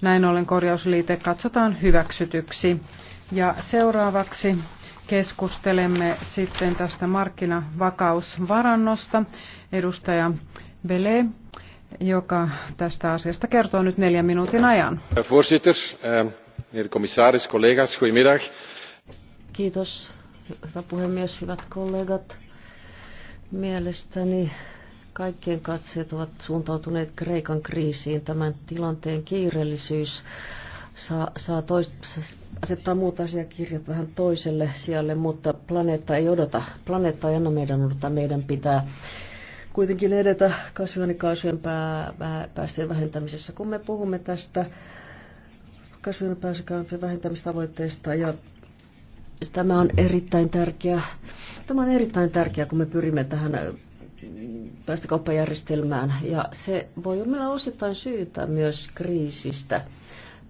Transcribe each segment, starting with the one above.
Näin ollen korjausliite katsotaan hyväksytyksi. Ja seuraavaksi keskustelemme sitten tästä markkinavakausvarannosta. Edustaja Bele, joka tästä asiasta kertoo nyt neljän minuutin ajan. Eh, goedemiddag. Kiitos, hyvä puhemies, hyvät kollegat. Mielestäni Kaikkien katseet ovat suuntautuneet Kreikan kriisiin. Tämän tilanteen kiireellisyys saa, saa tois, asettaa muut asiakirjat vähän toiselle sijalle, mutta planeetta ei odota. Planeetta ei anna meidän odottaa. Meidän pitää kuitenkin edetä kasvihuonekaasujen päästöjen vähentämisessä. Kun me puhumme tästä kasvihuonepäästöjen vähentämistavoitteesta ja tämä on erittäin tärkeä. Tämä on erittäin tärkeää, kun me pyrimme tähän päästökauppajärjestelmään ja se voi olla osittain syytä myös kriisistä.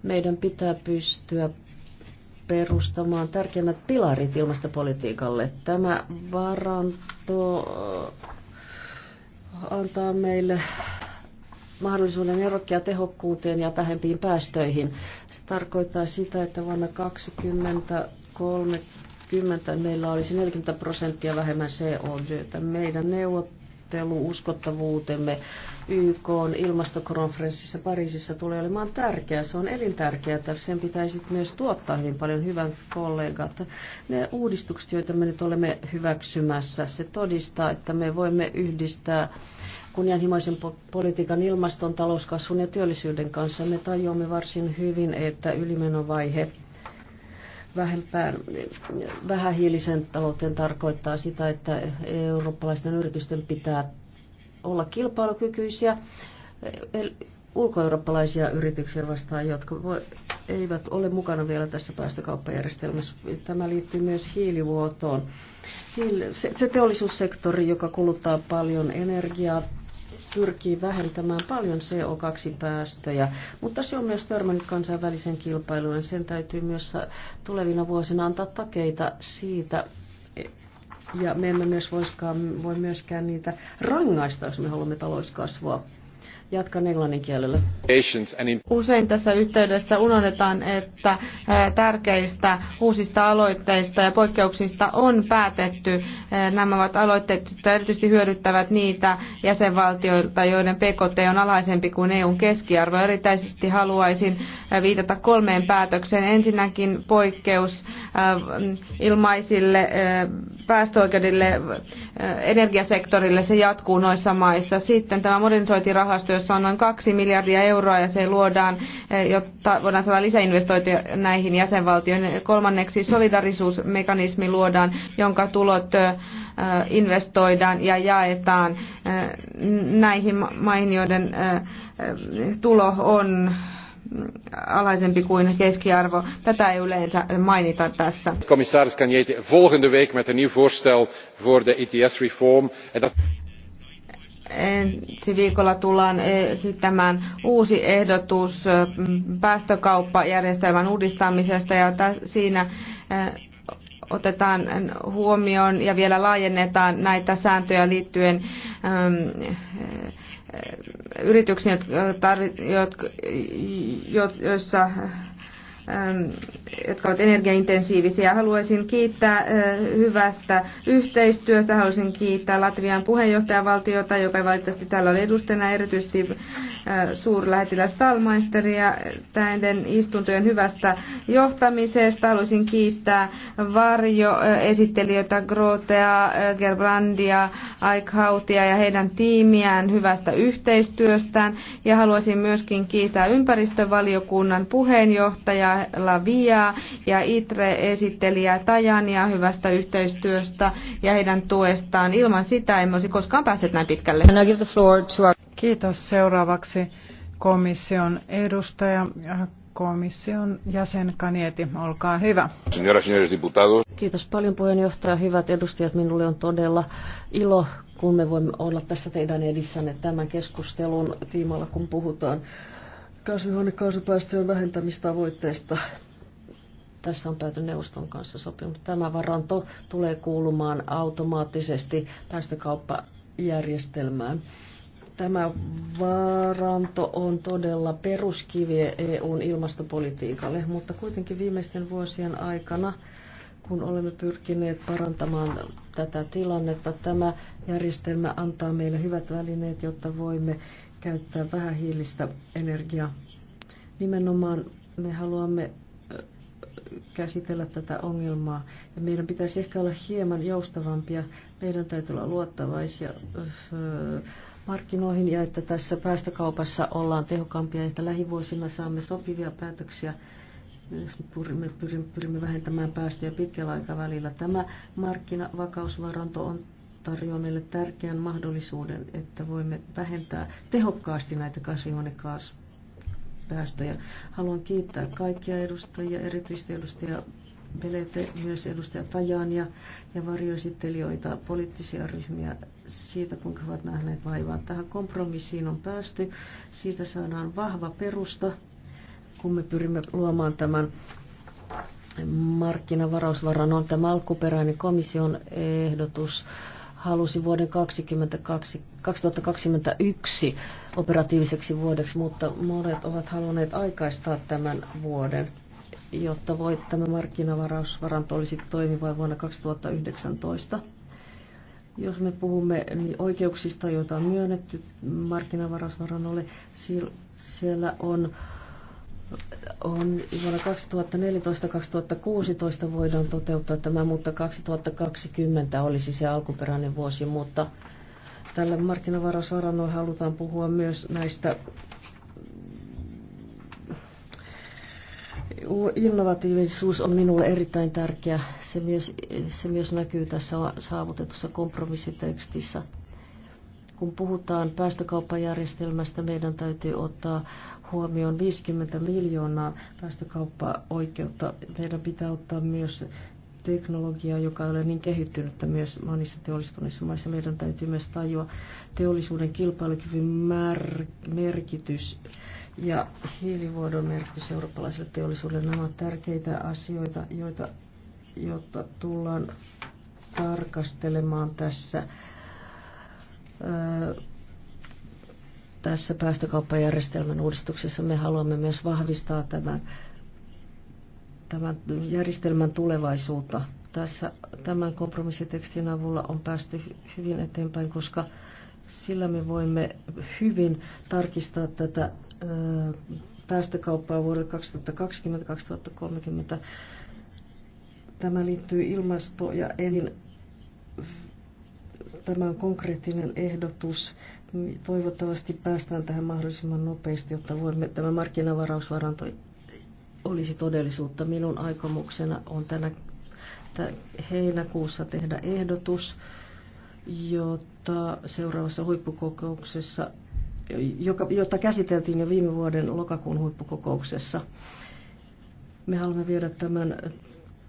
Meidän pitää pystyä perustamaan tärkeimmät pilarit ilmastopolitiikalle. Tämä varanto äh, antaa meille mahdollisuuden erokkia tehokkuuteen ja vähempiin päästöihin. Se tarkoittaa sitä, että vuonna 2030 meillä olisi 40 prosenttia vähemmän CO2. Meidän neuvot neuvottelu uskottavuutemme YK ilmastokonferenssissa Pariisissa tulee olemaan tärkeä. Se on elintärkeää, että sen pitäisi myös tuottaa hyvin paljon hyvän kollegat. Ne uudistukset, joita me nyt olemme hyväksymässä, se todistaa, että me voimme yhdistää kunnianhimoisen politiikan ilmaston, talouskasvun ja työllisyyden kanssa. Me tajuamme varsin hyvin, että ylimenovaihe vähempään, vähähiiliseen talouteen tarkoittaa sitä, että eurooppalaisten yritysten pitää olla kilpailukykyisiä ulkoeurooppalaisia yrityksiä vastaan, jotka voi, eivät ole mukana vielä tässä päästökauppajärjestelmässä. Tämä liittyy myös hiilivuotoon. Se, se teollisuussektori, joka kuluttaa paljon energiaa, pyrkii vähentämään paljon CO2-päästöjä, mutta se on myös törmännyt kansainvälisen kilpailuun. Sen täytyy myös tulevina vuosina antaa takeita siitä, ja me emme myös voi myöskään niitä rangaista, jos me haluamme talouskasvua. Jatkan englannin kielellä. Usein tässä yhteydessä unohdetaan, että tärkeistä uusista aloitteista ja poikkeuksista on päätetty. Nämä ovat aloitteet, jotka erityisesti hyödyttävät niitä jäsenvaltioita, joiden PKT on alhaisempi kuin EUn keskiarvo. Erityisesti haluaisin viitata kolmeen päätökseen. Ensinnäkin poikkeus ilmaisille päästöoikeudelle eh, energiasektorille, se jatkuu noissa maissa. Sitten tämä modernisointirahasto, jossa on noin kaksi miljardia euroa ja se luodaan, eh, jotta voidaan saada lisäinvestointeja näihin jäsenvaltioihin. Kolmanneksi solidarisuusmekanismi luodaan, jonka tulot eh, investoidaan ja jaetaan näihin maihin, joiden tulo on alaisempi kuin keskiarvo. Tätä ei yleensä mainita tässä. Commissaris Kanjete, volgende week met een nieuw voorstel voor de ETS-reform. Ensi viikolla tullaan esittämään uusi ehdotus päästökauppajärjestelmän uudistamisesta ja siinä otetaan huomioon ja vielä laajennetaan näitä sääntöjä liittyen yrityksiin, jotka, joissa Ähm, jotka ovat energiaintensiivisiä. Haluaisin kiittää äh, hyvästä yhteistyöstä. Haluaisin kiittää Latvian puheenjohtajavaltiota, joka ei valitettavasti täällä oli edustajana, erityisesti äh, suurlähettiläs Stalmaisteria näiden istuntojen hyvästä johtamisesta. Haluaisin kiittää varjoesittelijöitä äh, Grotea, Gerbrandia, Aikhautia ja heidän tiimiään hyvästä yhteistyöstään. Ja haluaisin myöskin kiittää ympäristövaliokunnan puheenjohtajaa Lavia ja ITRE-esittelijä Tajania hyvästä yhteistyöstä ja heidän tuestaan. Ilman sitä emme olisi koskaan päässeet näin pitkälle. Kiitos. Seuraavaksi komission edustaja äh, komission jäsen Kanieti, olkaa hyvä. Kiitos paljon puheenjohtaja. Hyvät edustajat, minulle on todella ilo, kun me voimme olla tässä teidän edissänne tämän keskustelun tiimalla, kun puhutaan kasvihuonekaasupäästöjen vähentämistavoitteesta. Tässä on pääty neuvoston kanssa sopimus. Tämä varanto tulee kuulumaan automaattisesti päästökauppajärjestelmään. Tämä varanto on todella peruskivi EUn ilmastopolitiikalle, mutta kuitenkin viimeisten vuosien aikana kun olemme pyrkineet parantamaan tätä tilannetta. Tämä järjestelmä antaa meille hyvät välineet, jotta voimme käyttää vähän hiilistä energiaa. Nimenomaan me haluamme käsitellä tätä ongelmaa. Ja meidän pitäisi ehkä olla hieman joustavampia. Meidän täytyy olla luottavaisia markkinoihin ja että tässä päästökaupassa ollaan tehokkaampia, että lähivuosina saamme sopivia päätöksiä pyrimme, pyrimme vähentämään päästöjä pitkällä aikavälillä. Tämä markkinavakausvaranto on tarjoaa meille tärkeän mahdollisuuden, että voimme vähentää tehokkaasti näitä kasvihuonekaasupäästöjä. Haluan kiittää kaikkia edustajia, erityisesti edustajia Pelete, myös edustaja Tajania ja varjoesittelijöitä, poliittisia ryhmiä siitä, kuinka ovat nähneet vaivaa. Tähän kompromissiin on päästy. Siitä saadaan vahva perusta, kun me pyrimme luomaan tämän markkinavarausvaran on tämä alkuperäinen komission ehdotus halusi vuoden 2022, 2021 operatiiviseksi vuodeksi, mutta monet ovat halunneet aikaistaa tämän vuoden, jotta voi, tämä markkinavarausvaranto olisi toimiva vuonna 2019. Jos me puhumme niin oikeuksista, joita on myönnetty markkinavarausvarannolle, siellä on on vuonna 2014-2016 voidaan toteuttaa tämä, mutta 2020 olisi se alkuperäinen vuosi, mutta tällä markkinavarausvarannolla halutaan puhua myös näistä Innovatiivisuus on minulle erittäin tärkeä. Se myös, se myös näkyy tässä saavutetussa kompromissitekstissä kun puhutaan päästökauppajärjestelmästä, meidän täytyy ottaa huomioon 50 miljoonaa päästökauppa-oikeutta. Meidän pitää ottaa myös teknologiaa, joka ei ole niin kehittynyttä myös monissa teollistuneissa maissa. Meidän täytyy myös tajua teollisuuden kilpailukyvyn merkitys ja hiilivuodon merkitys eurooppalaiselle teollisuudelle. Nämä ovat tärkeitä asioita, joita, jotta tullaan tarkastelemaan tässä. Öö, tässä päästökauppajärjestelmän uudistuksessa me haluamme myös vahvistaa tämän, tämän järjestelmän tulevaisuutta. Tässä tämän kompromissitekstin avulla on päästy hyvin eteenpäin, koska sillä me voimme hyvin tarkistaa tätä päästökauppaa vuodelle 2020-2030. Tämä liittyy ilmasto- ja elin Tämä on konkreettinen ehdotus. Toivottavasti päästään tähän mahdollisimman nopeasti, jotta voimme tämä markkinavarausvaranto olisi todellisuutta. Minun aikomuksena on tänä heinäkuussa tehdä ehdotus, jota seuraavassa huippukokouksessa, joka, jota käsiteltiin jo viime vuoden lokakuun huippukokouksessa. Me haluamme viedä tämän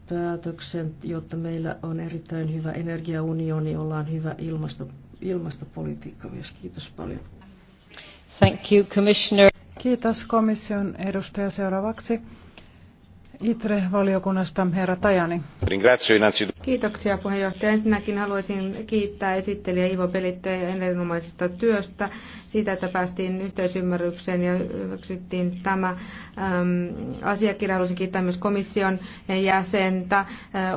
päätöksen, jotta meillä on erittäin hyvä energiaunioni, ollaan hyvä ilmasto, ilmastopolitiikka myös. Kiitos paljon. Thank you, Commissioner. Kiitos komission edustaja seuraavaksi. ITRE-valiokunnasta herra Tajani. Ringrazio innanzitutto. Kiitoksia puheenjohtaja. Ensinnäkin haluaisin kiittää esittelijä Ivo Pelitteä ja erinomaisesta työstä siitä, että päästiin yhteisymmärrykseen ja hyväksyttiin tämä äm, asiakirja. Haluaisin kiittää myös komission jäsentä.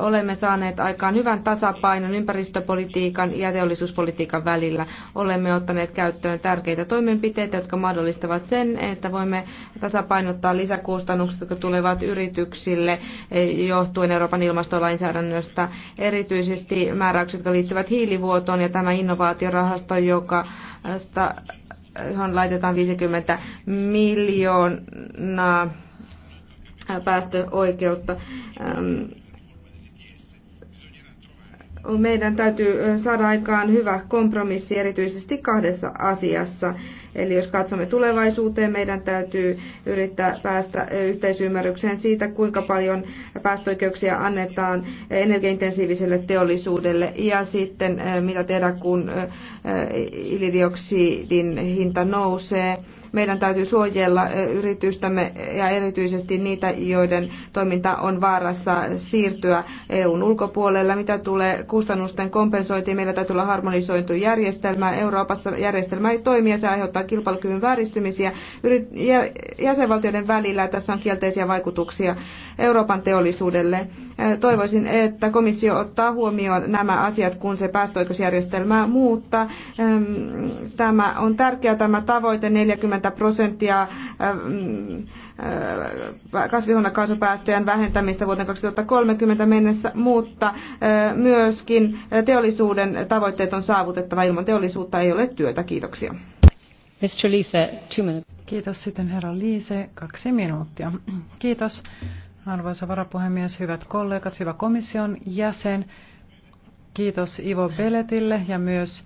Olemme saaneet aikaan hyvän tasapainon ympäristöpolitiikan ja teollisuuspolitiikan välillä. Olemme ottaneet käyttöön tärkeitä toimenpiteitä, jotka mahdollistavat sen, että voimme tasapainottaa lisäkustannukset, jotka tulevat yrityksille johtuen Euroopan ilmastolainsäädännöstä erityisesti määräykset, jotka liittyvät hiilivuotoon ja tämä innovaatiorahasto, joka johon laitetaan 50 miljoonaa päästöoikeutta. Ähm, meidän täytyy saada aikaan hyvä kompromissi erityisesti kahdessa asiassa. Eli jos katsomme tulevaisuuteen, meidän täytyy yrittää päästä yhteisymmärrykseen siitä, kuinka paljon päästöoikeuksia annetaan energiaintensiiviselle teollisuudelle ja sitten mitä tehdä, kun hiilidioksidin hinta nousee meidän täytyy suojella yritystämme ja erityisesti niitä, joiden toiminta on vaarassa siirtyä EUn ulkopuolelle. Mitä tulee kustannusten kompensointiin, meillä täytyy olla harmonisoitu järjestelmä. Euroopassa järjestelmä ei toimi ja se aiheuttaa kilpailukyvyn vääristymisiä jäsenvaltioiden välillä. Tässä on kielteisiä vaikutuksia Euroopan teollisuudelle. Toivoisin, että komissio ottaa huomioon nämä asiat, kun se päästöoikeusjärjestelmää muuttaa. Tämä on tärkeä tämä tavoite 40 20 prosenttia äh, mm, äh, kasvihuonekaasupäästöjen vähentämistä vuoteen 2030 mennessä, mutta äh, myöskin teollisuuden tavoitteet on saavutettava. Ilman teollisuutta ei ole työtä. Kiitoksia. Mr. Lise, two Kiitos sitten herra Liise, kaksi minuuttia. Kiitos arvoisa varapuhemies, hyvät kollegat, hyvä komission jäsen. Kiitos Ivo Beletille ja myös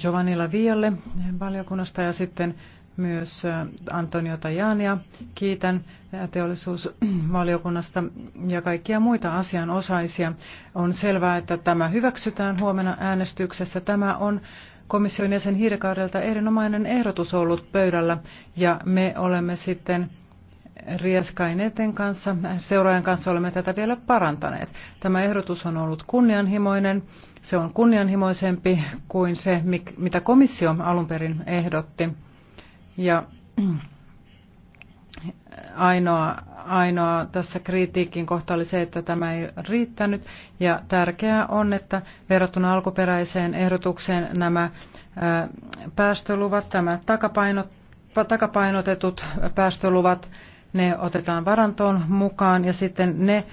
Giovanni Lavialle valiokunnasta ja sitten myös Antonio Tajania. Kiitän teollisuusvaliokunnasta ja kaikkia muita asianosaisia. On selvää, että tämä hyväksytään huomenna äänestyksessä. Tämä on komission jäsen Hiirikaudelta erinomainen ehdotus ollut pöydällä ja me olemme sitten Rieskaineten kanssa, seuraajan kanssa olemme tätä vielä parantaneet. Tämä ehdotus on ollut kunnianhimoinen. Se on kunnianhimoisempi kuin se, mitä komissio alun perin ehdotti. Ja ainoa, ainoa tässä kritiikin kohta oli se, että tämä ei riittänyt. Ja tärkeää on, että verrattuna alkuperäiseen ehdotukseen nämä päästöluvat, tämä takapainot, takapainotetut päästöluvat, ne otetaan varantoon mukaan ja sitten ne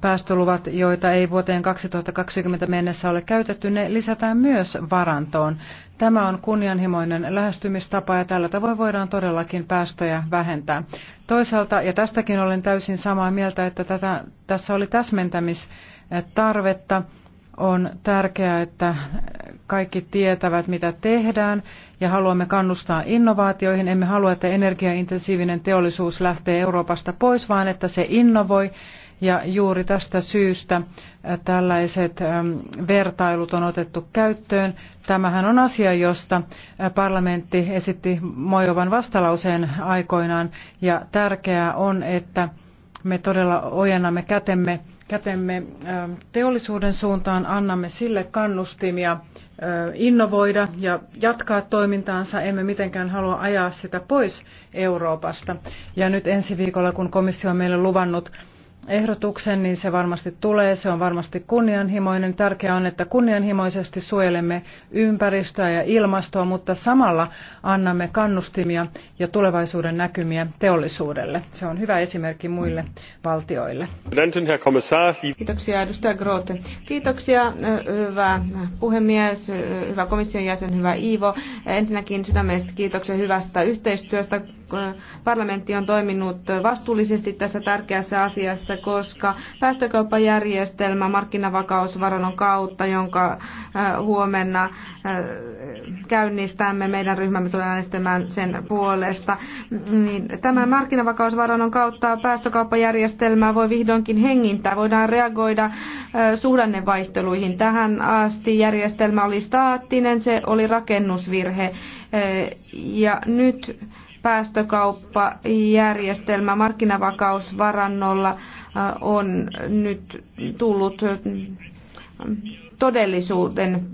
päästöluvat, joita ei vuoteen 2020 mennessä ole käytetty, ne lisätään myös varantoon. Tämä on kunnianhimoinen lähestymistapa ja tällä tavoin voidaan todellakin päästöjä vähentää. Toisaalta, ja tästäkin olen täysin samaa mieltä, että tätä, tässä oli täsmentämistarvetta, on tärkeää, että kaikki tietävät, mitä tehdään ja haluamme kannustaa innovaatioihin. Emme halua, että energiaintensiivinen teollisuus lähtee Euroopasta pois, vaan että se innovoi ja juuri tästä syystä äh, tällaiset ähm, vertailut on otettu käyttöön. Tämähän on asia, josta äh, parlamentti esitti Mojovan vastalauseen aikoinaan. Ja tärkeää on, että me todella ojennamme kätemme, kätemme ähm, teollisuuden suuntaan, annamme sille kannustimia äh, innovoida ja jatkaa toimintaansa. Emme mitenkään halua ajaa sitä pois Euroopasta. Ja nyt ensi viikolla, kun komissio on meille luvannut ehdotuksen, niin se varmasti tulee. Se on varmasti kunnianhimoinen. Tärkeää on, että kunnianhimoisesti suojelemme ympäristöä ja ilmastoa, mutta samalla annamme kannustimia ja tulevaisuuden näkymiä teollisuudelle. Se on hyvä esimerkki muille valtioille. Kiitoksia edustaja Grote. Kiitoksia hyvä puhemies, hyvä komission jäsen, hyvä Iivo. Ensinnäkin sydämestä kiitoksia hyvästä yhteistyöstä parlamentti on toiminut vastuullisesti tässä tärkeässä asiassa, koska päästökauppajärjestelmä markkinavakausvaranon kautta, jonka äh, huomenna äh, käynnistämme, meidän ryhmämme tulee äänestämään sen puolesta. Niin, tämän markkinavakausvaranon kautta päästökauppajärjestelmää voi vihdoinkin hengintää, Voidaan reagoida äh, suhdannevaihteluihin. Tähän asti järjestelmä oli staattinen, se oli rakennusvirhe. Ja nyt päästökauppajärjestelmä markkinavakausvarannolla äh, on nyt tullut todellisuuden,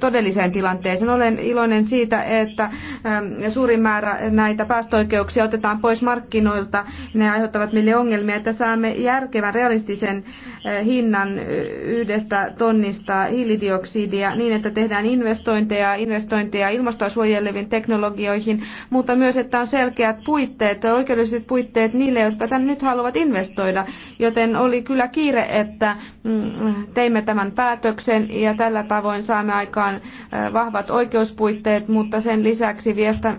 todelliseen tilanteeseen. Olen iloinen siitä, että ähm, suuri määrä näitä päästöoikeuksia otetaan pois markkinoilta. Ne aiheuttavat meille ongelmia, että saamme järkevän, realistisen äh, hinnan yhdestä tonnista hiilidioksidia niin, että tehdään investointeja, investointeja ilmastoa suojeleviin teknologioihin, mutta myös, että on selkeät puitteet, oikeudelliset puitteet niille, jotka tämän nyt haluavat investoida. Joten oli kyllä kiire, että mm, teimme tämän päätöksen kehityksen ja tällä tavoin saamme aikaan äh, vahvat oikeuspuitteet, mutta sen lisäksi viestä,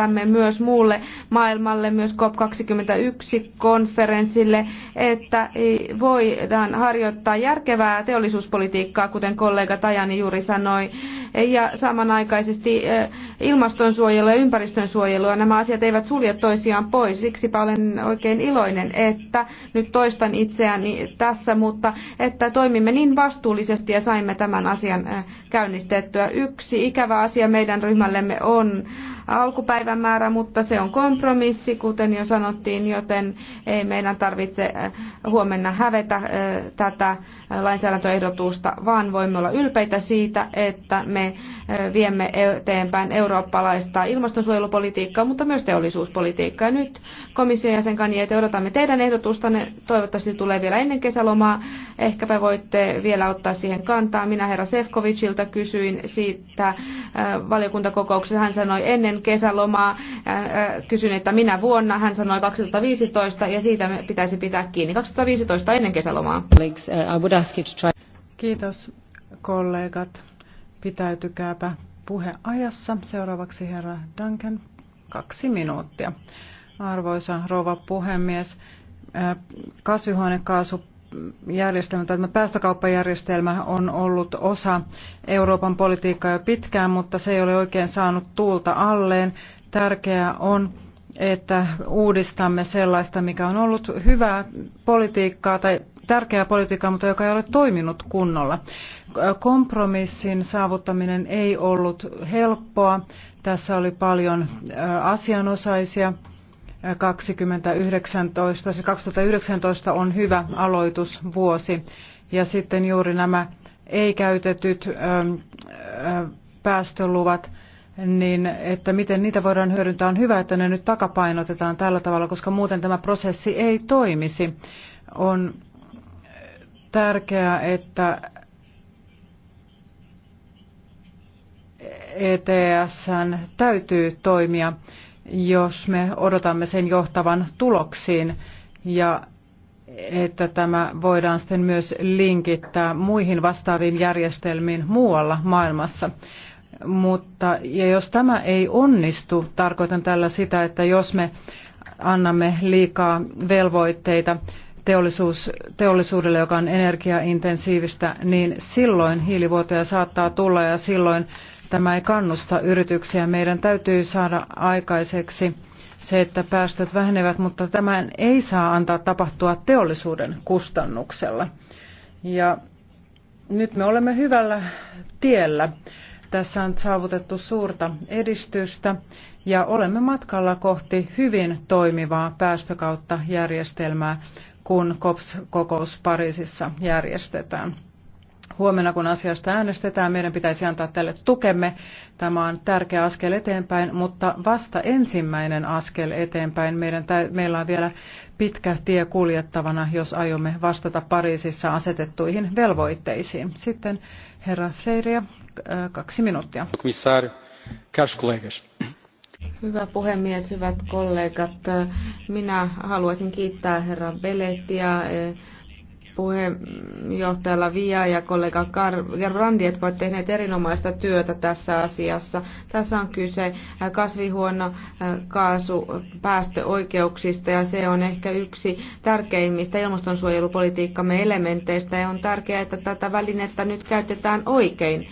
lähetämme myös muulle maailmalle, myös COP21-konferenssille, että voidaan harjoittaa järkevää teollisuuspolitiikkaa, kuten kollega Tajani juuri sanoi, ja samanaikaisesti eh, ilmastonsuojelua ja ympäristönsuojelua. Nämä asiat eivät sulje toisiaan pois, siksipä olen oikein iloinen, että nyt toistan itseäni tässä, mutta että toimimme niin vastuullisesti ja saimme tämän asian eh, käynnistettyä. Yksi ikävä asia meidän ryhmällemme on alkupäivämäärä, mutta se on kompromissi, kuten jo sanottiin, joten ei meidän tarvitse äh, huomenna hävetä äh, tätä lainsäädäntöehdotusta, vaan voimme olla ylpeitä siitä, että me viemme eteenpäin eurooppalaista ilmastonsuojelupolitiikkaa, mutta myös teollisuuspolitiikkaa. Ja nyt komission jäsen Kaniete, odotamme teidän ehdotustanne. Toivottavasti tulee vielä ennen kesälomaa. Ehkäpä voitte vielä ottaa siihen kantaa. Minä herra Sefkovicilta kysyin siitä valiokuntakokouksessa. Hän sanoi ennen kesälomaa. Kysyin, että minä vuonna. Hän sanoi 2015 ja siitä pitäisi pitää kiinni. 2015 ennen kesälomaa. Uh, Kiitos kollegat. Pitäytykääpä ajassa. Seuraavaksi herra Duncan, kaksi minuuttia. Arvoisa rouva puhemies, äh, kasvihuonekaasu järjestelmä tai tämä päästökauppajärjestelmä on ollut osa Euroopan politiikkaa jo pitkään, mutta se ei ole oikein saanut tuulta alleen. Tärkeää on, että uudistamme sellaista, mikä on ollut hyvää politiikkaa tai tärkeää politiikkaa, mutta joka ei ole toiminut kunnolla. Kompromissin saavuttaminen ei ollut helppoa. Tässä oli paljon asianosaisia. 2019, 2019 on hyvä aloitusvuosi. Ja sitten juuri nämä ei-käytetyt päästöluvat, niin että miten niitä voidaan hyödyntää, on hyvä, että ne nyt takapainotetaan tällä tavalla, koska muuten tämä prosessi ei toimisi. On tärkeää, että ETSn täytyy toimia, jos me odotamme sen johtavan tuloksiin ja että tämä voidaan sitten myös linkittää muihin vastaaviin järjestelmiin muualla maailmassa. Mutta ja jos tämä ei onnistu, tarkoitan tällä sitä, että jos me annamme liikaa velvoitteita teollisuus, teollisuudelle, joka on energiaintensiivistä, niin silloin hiilivuotoja saattaa tulla ja silloin tämä ei kannusta yrityksiä. Meidän täytyy saada aikaiseksi se, että päästöt vähenevät, mutta tämä ei saa antaa tapahtua teollisuuden kustannuksella. Ja nyt me olemme hyvällä tiellä. Tässä on saavutettu suurta edistystä ja olemme matkalla kohti hyvin toimivaa päästökautta järjestelmää kun COPS-kokous Pariisissa järjestetään. Huomenna, kun asiasta äänestetään, meidän pitäisi antaa tälle tukemme. Tämä on tärkeä askel eteenpäin, mutta vasta ensimmäinen askel eteenpäin. Meidän meillä on vielä pitkä tie kuljettavana, jos aiomme vastata Pariisissa asetettuihin velvoitteisiin. Sitten herra Freiria, äh, kaksi minuuttia. Komissaari, kollegas. Hyvä puhemies, hyvät kollegat. Minä haluaisin kiittää herra Belettiä eh, puheenjohtaja Via ja kollega Gerbrandi, jotka ovat tehneet erinomaista työtä tässä asiassa. Tässä on kyse eh, eh, kaasupäästöoikeuksista ja se on ehkä yksi tärkeimmistä ilmastonsuojelupolitiikkamme elementeistä ja on tärkeää, että tätä välinettä nyt käytetään oikein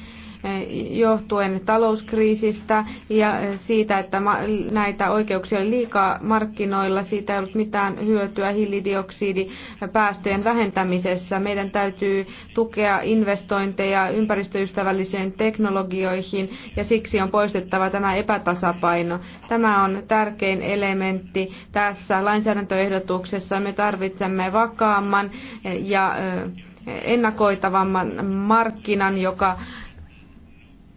johtuen talouskriisistä ja siitä, että näitä oikeuksia oli liikaa markkinoilla. Siitä ei ollut mitään hyötyä hiilidioksidipäästöjen vähentämisessä. Meidän täytyy tukea investointeja ympäristöystävällisiin teknologioihin ja siksi on poistettava tämä epätasapaino. Tämä on tärkein elementti tässä lainsäädäntöehdotuksessa. Me tarvitsemme vakaamman ja ennakoitavamman markkinan, joka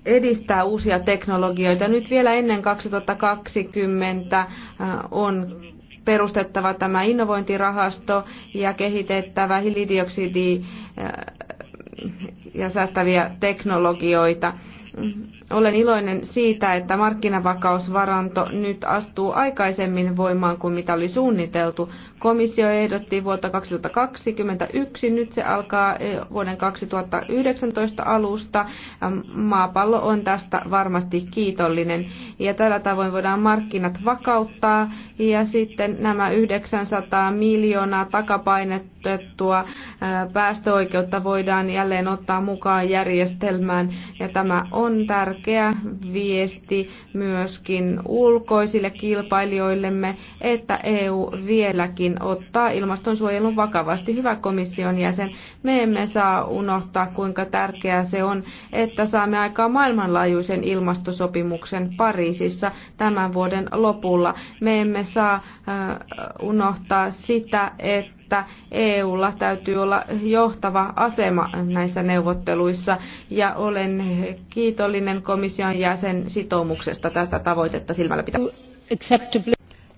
edistää uusia teknologioita. Nyt vielä ennen 2020 äh, on perustettava tämä innovointirahasto ja kehitettävä hiilidioksidi äh, ja säästäviä teknologioita. Olen iloinen siitä, että markkinavakausvaranto nyt astuu aikaisemmin voimaan kuin mitä oli suunniteltu. Komissio ehdotti vuotta 2021, nyt se alkaa eh, vuoden 2019 alusta. Maapallo on tästä varmasti kiitollinen. Ja tällä tavoin voidaan markkinat vakauttaa ja sitten nämä 900 miljoonaa takapainettua eh, päästöoikeutta voidaan jälleen ottaa mukaan järjestelmään ja tämä on tärkeää tärkeä viesti myöskin ulkoisille kilpailijoillemme, että EU vieläkin ottaa ilmastonsuojelun vakavasti. Hyvä komission jäsen, me emme saa unohtaa, kuinka tärkeää se on, että saamme aikaa maailmanlaajuisen ilmastosopimuksen Pariisissa tämän vuoden lopulla. Me emme saa unohtaa sitä, että että EUlla täytyy olla johtava asema näissä neuvotteluissa ja olen kiitollinen komission jäsen sitoumuksesta tästä tavoitetta silmällä pitää.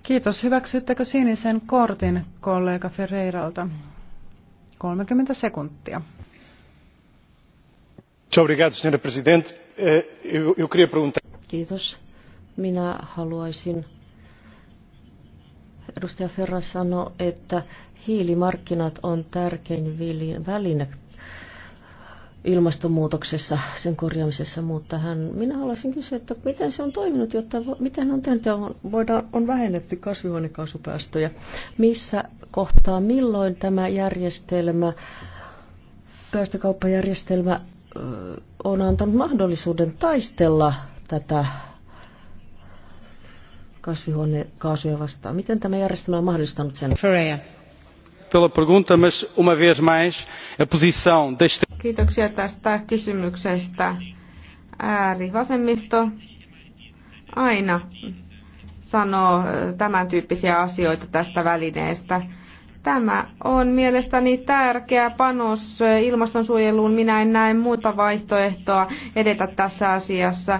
Kiitos. Hyväksyttekö sinisen kortin kollega Ferreiralta? 30 sekuntia. Eh, Kiitos. Minä haluaisin edustaja Ferra sanoi, että Hiilimarkkinat on tärkein väline ilmastonmuutoksessa, sen korjaamisessa, mutta hän, minä haluaisin kysyä, että miten se on toiminut, jotta, miten on tehnyt, on, voidaan, on vähennetty kasvihuonekaasupäästöjä, missä kohtaa, milloin tämä järjestelmä, päästökauppajärjestelmä on antanut mahdollisuuden taistella tätä kasvihuonekaasuja vastaan. Miten tämä järjestelmä on mahdollistanut sen? pela pergunta, mas uma vez mais a posição da Kiitoksia tästä kysymyksestä. Äärivasemmisto aina sanoo äh, tämän tyyppisiä asioita tästä välineestä. Tämä on mielestäni tärkeä panos äh, ilmastonsuojeluun. Minä en näe muuta vaihtoehtoa edetä tässä asiassa.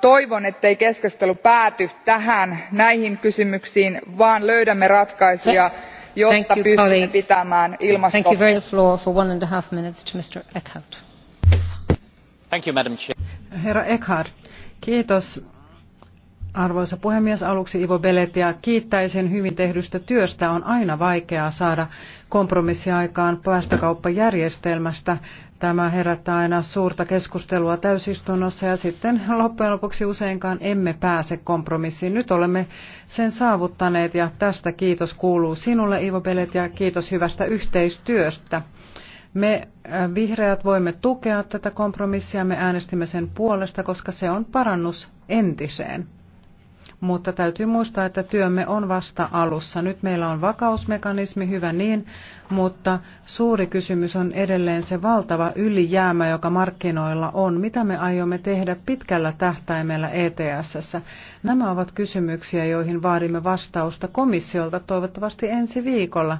toivon ettei keskustelu pääty tähän näihin kysymyksiin vaan löydämme ratkaisuja jotta pystymme pitämään ilmastonmuutoksen Arvoisa puhemies, aluksi Ivo Beletia kiittäisin hyvin tehdystä työstä. On aina vaikeaa saada kompromissi aikaan päästökauppajärjestelmästä. Tämä herättää aina suurta keskustelua täysistunnossa ja sitten loppujen lopuksi useinkaan emme pääse kompromissiin. Nyt olemme sen saavuttaneet ja tästä kiitos kuuluu sinulle Ivo Belet ja kiitos hyvästä yhteistyöstä. Me äh, vihreät voimme tukea tätä kompromissia, me äänestimme sen puolesta, koska se on parannus entiseen mutta täytyy muistaa, että työmme on vasta alussa. Nyt meillä on vakausmekanismi, hyvä niin, mutta suuri kysymys on edelleen se valtava ylijäämä, joka markkinoilla on. Mitä me aiomme tehdä pitkällä tähtäimellä ETSssä? Nämä ovat kysymyksiä, joihin vaadimme vastausta komissiolta toivottavasti ensi viikolla.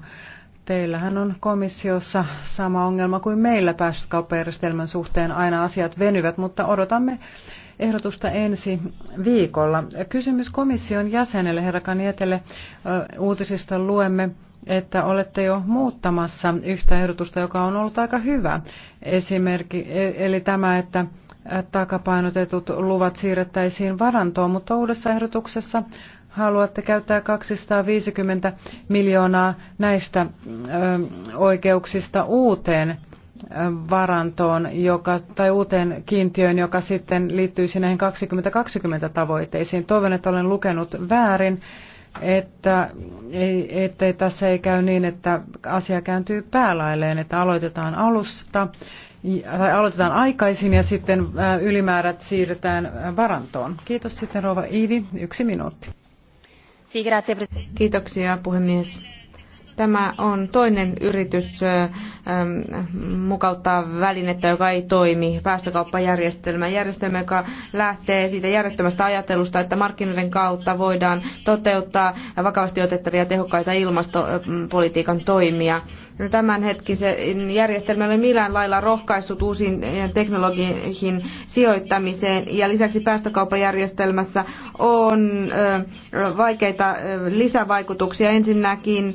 Teillähän on komissiossa sama ongelma kuin meillä päästökauppajärjestelmän suhteen. Aina asiat venyvät, mutta odotamme ehdotusta ensi viikolla. Kysymys komission jäsenelle, herra Kanietelle. Uutisista luemme, että olette jo muuttamassa yhtä ehdotusta, joka on ollut aika hyvä. Esimerkki, e, eli tämä, että takapainotetut luvat siirrettäisiin varantoon, mutta uudessa ehdotuksessa haluatte käyttää 250 miljoonaa näistä ö, oikeuksista uuteen varantoon joka, tai uuteen kiintiöön, joka sitten liittyisi näihin 2020 tavoitteisiin. Toivon, että olen lukenut väärin, että ei, ettei tässä ei käy niin, että asia kääntyy päälailleen, että aloitetaan alusta tai aloitetaan aikaisin ja sitten äh, ylimäärät siirretään äh, varantoon. Kiitos sitten Rova Iivi, yksi minuutti. Kiitoksia puhemies. Tämä on toinen yritys mukauttaa välinettä, joka ei toimi, päästökauppajärjestelmä. Järjestelmä, joka lähtee siitä järjettömästä ajattelusta, että markkinoiden kautta voidaan toteuttaa vakavasti otettavia tehokkaita ilmastopolitiikan toimia tämänhetkisen järjestelmän ei millään lailla rohkaissut uusiin teknologioihin sijoittamiseen. Ja lisäksi päästökauppajärjestelmässä on vaikeita lisävaikutuksia. Ensinnäkin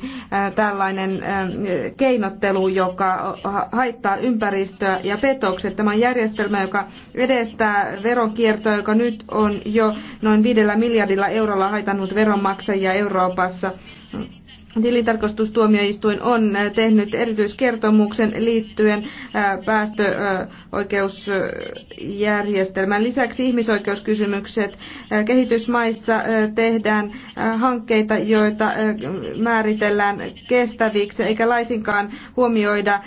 tällainen keinottelu, joka haittaa ympäristöä ja petokset. Tämä on järjestelmä, joka edestää veronkiertoa, joka nyt on jo noin viidellä miljardilla eurolla haitannut veronmaksajia Euroopassa. Tilintarkastustuomioistuin on äh, tehnyt erityiskertomuksen liittyen äh, päästöoikeusjärjestelmän. Lisäksi ihmisoikeuskysymykset äh, kehitysmaissa tehdään hankkeita, joita määritellään kestäviksi, eikä laisinkaan huomioida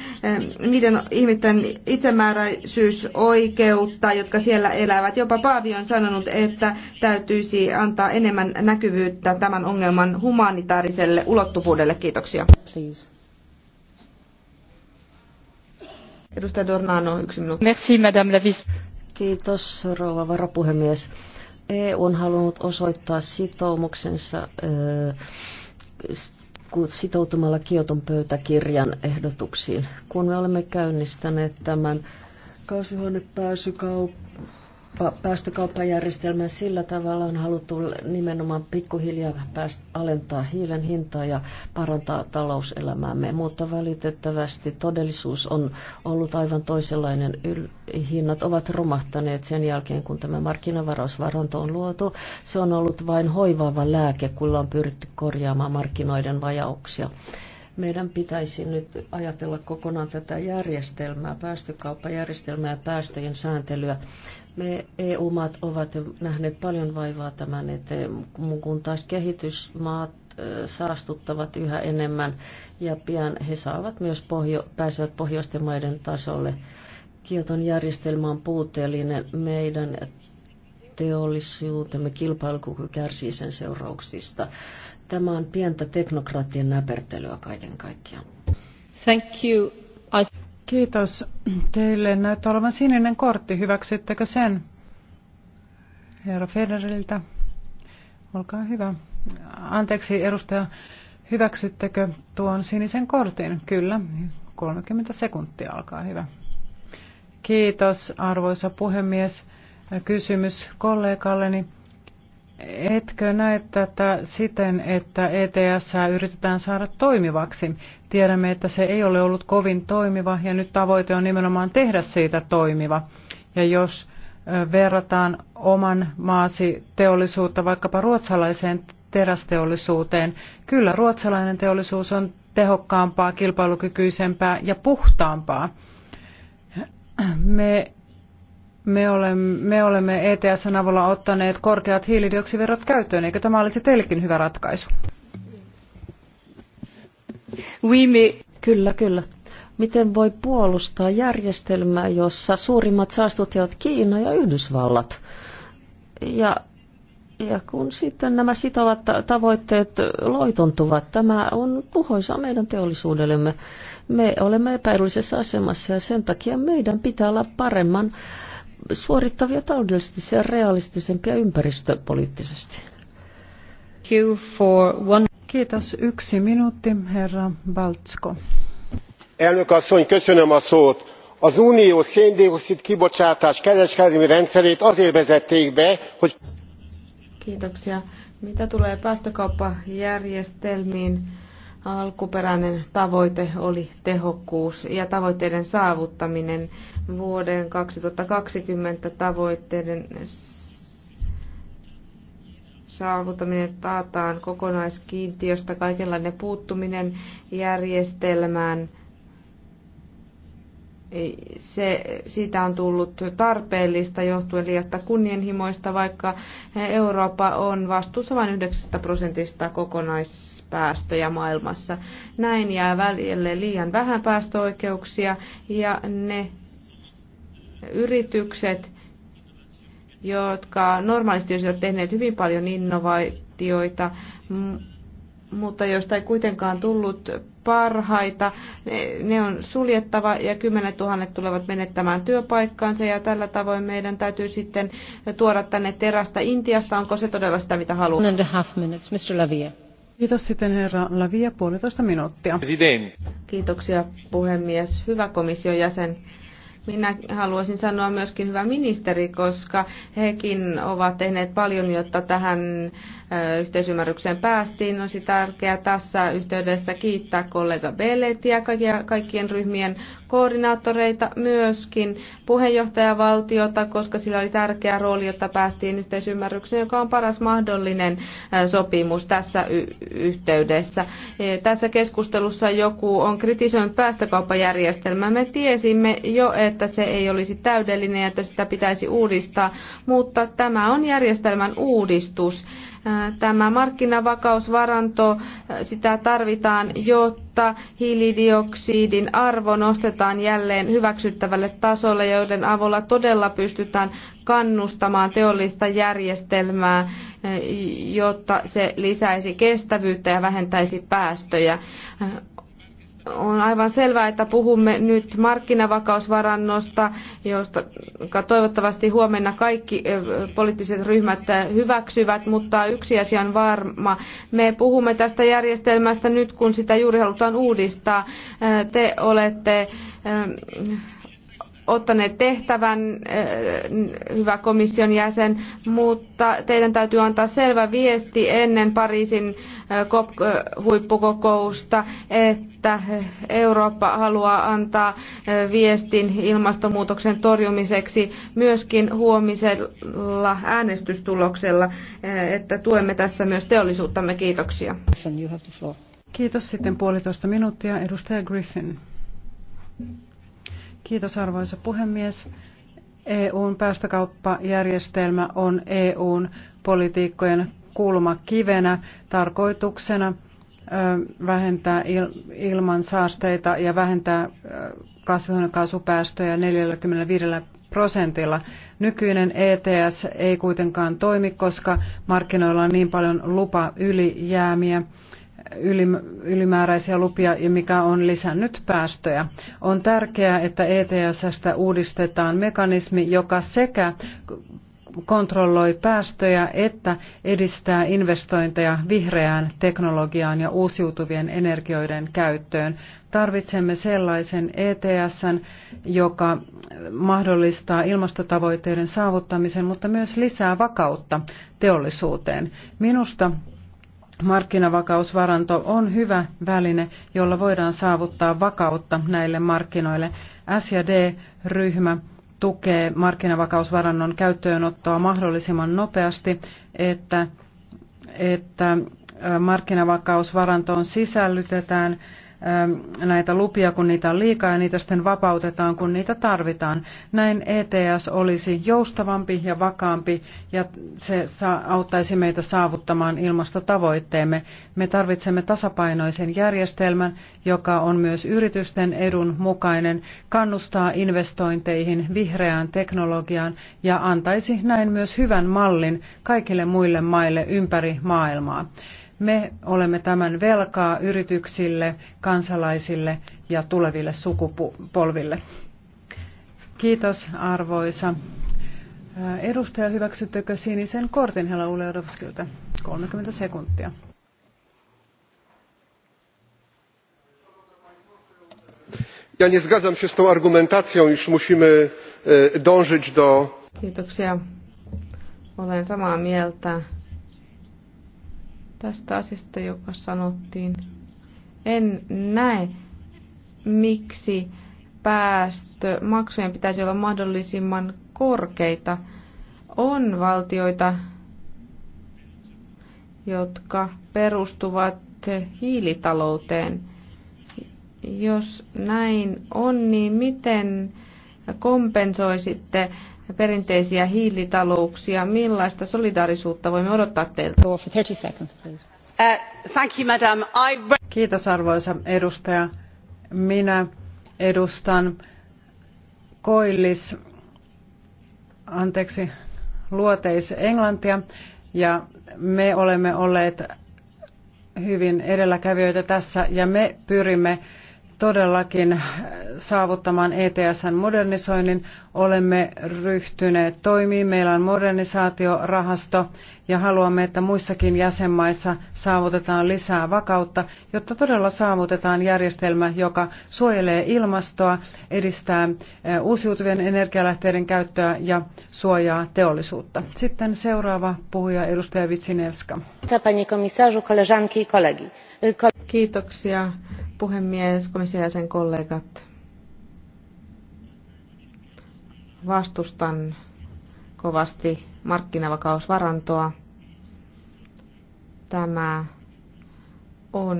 niiden ihmisten itsemääräisyysoikeutta, jotka siellä elävät. Jopa Paavi on sanonut, että täytyisi antaa enemmän näkyvyyttä tämän ongelman humanitaariselle ulottuvuudelle ulottuvuudelle. Kiitoksia. Please. Edustaja Dornano, yksi minuutti. Merci, Madame la Vice. Kiitos, rouva varapuhemies. EU on halunnut osoittaa sitoumuksensa sitoutumalla Kioton pöytäkirjan ehdotuksiin. Kun me olemme käynnistäneet tämän kasvihuonepääsykaupan, päästökauppajärjestelmän sillä tavalla on haluttu nimenomaan pikkuhiljaa päästä, alentaa hiilen hintaa ja parantaa talouselämäämme, mutta valitettavasti todellisuus on ollut aivan toisenlainen. hinnat ovat romahtaneet sen jälkeen, kun tämä markkinavarausvaranto on luotu. Se on ollut vain hoivaava lääke, kun on pyritty korjaamaan markkinoiden vajauksia meidän pitäisi nyt ajatella kokonaan tätä järjestelmää, päästökauppajärjestelmää ja päästöjen sääntelyä me EU-maat ovat nähneet paljon vaivaa tämän eteen, kun taas kehitysmaat saastuttavat yhä enemmän ja pian he saavat myös pohjo, pääsevät pohjoisten maiden tasolle. Kioton järjestelmä on puutteellinen. Meidän teollisuutemme kilpailukyky kärsii sen seurauksista. Tämä on pientä teknokraattien näpertelyä kaiken kaikkiaan. Thank you. Kiitos. Teille näyttää olevan sininen kortti. Hyväksyttekö sen? Herra Federiltä. Olkaa hyvä. Anteeksi, edustaja. Hyväksyttekö tuon sinisen kortin? Kyllä. 30 sekuntia, alkaa hyvä. Kiitos, arvoisa puhemies. Kysymys kollegalleni. Etkö näe tätä siten, että ETS yritetään saada toimivaksi? Tiedämme, että se ei ole ollut kovin toimiva ja nyt tavoite on nimenomaan tehdä siitä toimiva. Ja jos verrataan oman maasi teollisuutta vaikkapa ruotsalaiseen terästeollisuuteen, kyllä ruotsalainen teollisuus on tehokkaampaa, kilpailukykyisempää ja puhtaampaa. Me me olemme, me olemme ETSn avulla ottaneet korkeat hiilidioksiverot käyttöön, eikö tämä olisi teillekin hyvä ratkaisu? Oui, Kyllä, kyllä. Miten voi puolustaa järjestelmää, jossa suurimmat saastuttajat Kiina ja Yhdysvallat? Ja, ja kun sitten nämä sitovat tavoitteet loitontuvat, tämä on tuhoisa meidän teollisuudellemme. Me olemme epäedullisessa asemassa ja sen takia meidän pitää olla paremman suorittavia taloudellisesti ja realistisempia ympäristöpoliittisesti. Kiitos. Yksi minuutti, herra Baltsko. Elnök asszony, köszönöm a szót. Az unió széndiokszid kibocsátás kereskedelmi rendszerét azért vezették be, hogy... Kiitoksia. Mitä tulee päästökauppajärjestelmiin, alkuperäinen tavoite oli tehokkuus ja tavoitteiden saavuttaminen vuoden 2020 tavoitteiden saavutaminen taataan kokonaiskiintiöstä kaikenlainen puuttuminen järjestelmään. Se, siitä on tullut tarpeellista johtuen liiasta kunnianhimoista, vaikka Eurooppa on vastuussa vain 9 prosentista kokonaispäästöjä maailmassa. Näin jää välille liian vähän päästöoikeuksia ja ne yritykset, jotka normaalisti olisivat tehneet hyvin paljon innovaatioita, mutta joista ei kuitenkaan tullut parhaita. Ne on suljettava ja kymmenet tuhannet tulevat menettämään työpaikkaansa ja tällä tavoin meidän täytyy sitten tuoda tänne terästä Intiasta. Onko se todella sitä, mitä haluaa? And a half minutes, Mr. Lavia. Kiitos sitten herra Lavia, puolitoista minuuttia. Kiitoksia puhemies. Hyvä komission jäsen. Minä haluaisin sanoa myöskin hyvä ministeri, koska hekin ovat tehneet paljon, jotta tähän yhteisymmärrykseen päästiin. Olisi siis tärkeää tässä yhteydessä kiittää kollega Belletiä, ja kaikkien ryhmien koordinaattoreita, myöskin puheenjohtajavaltiota, koska sillä oli tärkeä rooli, jotta päästiin yhteisymmärrykseen, joka on paras mahdollinen sopimus tässä yhteydessä. E, tässä keskustelussa joku on kritisoinut päästökauppajärjestelmää. Me tiesimme jo, että se ei olisi täydellinen ja että sitä pitäisi uudistaa, mutta tämä on järjestelmän uudistus Äh, tämä markkinavakausvaranto, äh, sitä tarvitaan, jotta hiilidioksidin arvo nostetaan jälleen hyväksyttävälle tasolle, joiden avulla todella pystytään kannustamaan teollista järjestelmää, äh, jotta se lisäisi kestävyyttä ja vähentäisi päästöjä on aivan selvää, että puhumme nyt markkinavakausvarannosta, josta toivottavasti huomenna kaikki poliittiset ryhmät hyväksyvät, mutta yksi asia on varma. Me puhumme tästä järjestelmästä nyt, kun sitä juuri halutaan uudistaa. Te olette ottaneet tehtävän, eh, hyvä komission jäsen, mutta teidän täytyy antaa selvä viesti ennen Pariisin eh, eh, huippukokousta, että Eurooppa haluaa antaa viestin ilmastonmuutoksen torjumiseksi myöskin huomisella äänestystuloksella, että tuemme tässä myös teollisuuttamme. Kiitoksia. Kiitos. Sitten puolitoista minuuttia. Edustaja Griffin. Kiitos arvoisa puhemies. EUn päästökauppajärjestelmä on EUn politiikkojen kulmakivenä tarkoituksena vähentää ilman saasteita ja vähentää kasvihuonekaasupäästöjä 45 prosentilla. Nykyinen ETS ei kuitenkaan toimi, koska markkinoilla on niin paljon lupa ylijäämiä ylimääräisiä lupia ja mikä on lisännyt päästöjä. On tärkeää, että ETSstä uudistetaan mekanismi, joka sekä kontrolloi päästöjä että edistää investointeja vihreään teknologiaan ja uusiutuvien energioiden käyttöön. Tarvitsemme sellaisen ETS, joka mahdollistaa ilmastotavoitteiden saavuttamisen, mutta myös lisää vakautta teollisuuteen. Minusta Markkinavakausvaranto on hyvä väline, jolla voidaan saavuttaa vakautta näille markkinoille. SD-ryhmä tukee markkinavakausvarannon käyttöönottoa mahdollisimman nopeasti, että, että markkinavakausvarantoon sisällytetään näitä lupia, kun niitä on liikaa ja niitä sitten vapautetaan, kun niitä tarvitaan. Näin ETS olisi joustavampi ja vakaampi ja se auttaisi meitä saavuttamaan ilmastotavoitteemme. Me tarvitsemme tasapainoisen järjestelmän, joka on myös yritysten edun mukainen, kannustaa investointeihin, vihreään teknologiaan ja antaisi näin myös hyvän mallin kaikille muille maille ympäri maailmaa. Me olemme tämän velkaa yrityksille, kansalaisille ja tuleville sukupolville. Kiitos arvoisa. Edustaja, hyväksyttekö sinisen kortin Hela Uleodovskilta? 30 sekuntia. Ja nie zgadzam się z tą argumentacją, już musimy e, dążyć do... Kiitoksia. Olen samaa mieltä tästä asiasta, joka sanottiin. En näe, miksi päästömaksujen pitäisi olla mahdollisimman korkeita. On valtioita, jotka perustuvat hiilitalouteen. Jos näin on, niin miten kompensoisitte perinteisiä hiilitalouksia. Millaista solidaarisuutta voimme odottaa teiltä? Uh, Kiitos arvoisa edustaja. Minä edustan koillis, anteeksi, luoteis Englantia ja me olemme olleet hyvin edelläkävijöitä tässä ja me pyrimme todellakin saavuttamaan ETSn modernisoinnin. Olemme ryhtyneet toimiin. Meillä on modernisaatiorahasto ja haluamme, että muissakin jäsenmaissa saavutetaan lisää vakautta, jotta todella saavutetaan järjestelmä, joka suojelee ilmastoa, edistää eh, uusiutuvien energialähteiden käyttöä ja suojaa teollisuutta. Sitten seuraava puhuja, edustaja Vitsinevska. Kiitoksia Puhemies, komission jäsen kollegat, vastustan kovasti markkinavakausvarantoa. Tämä on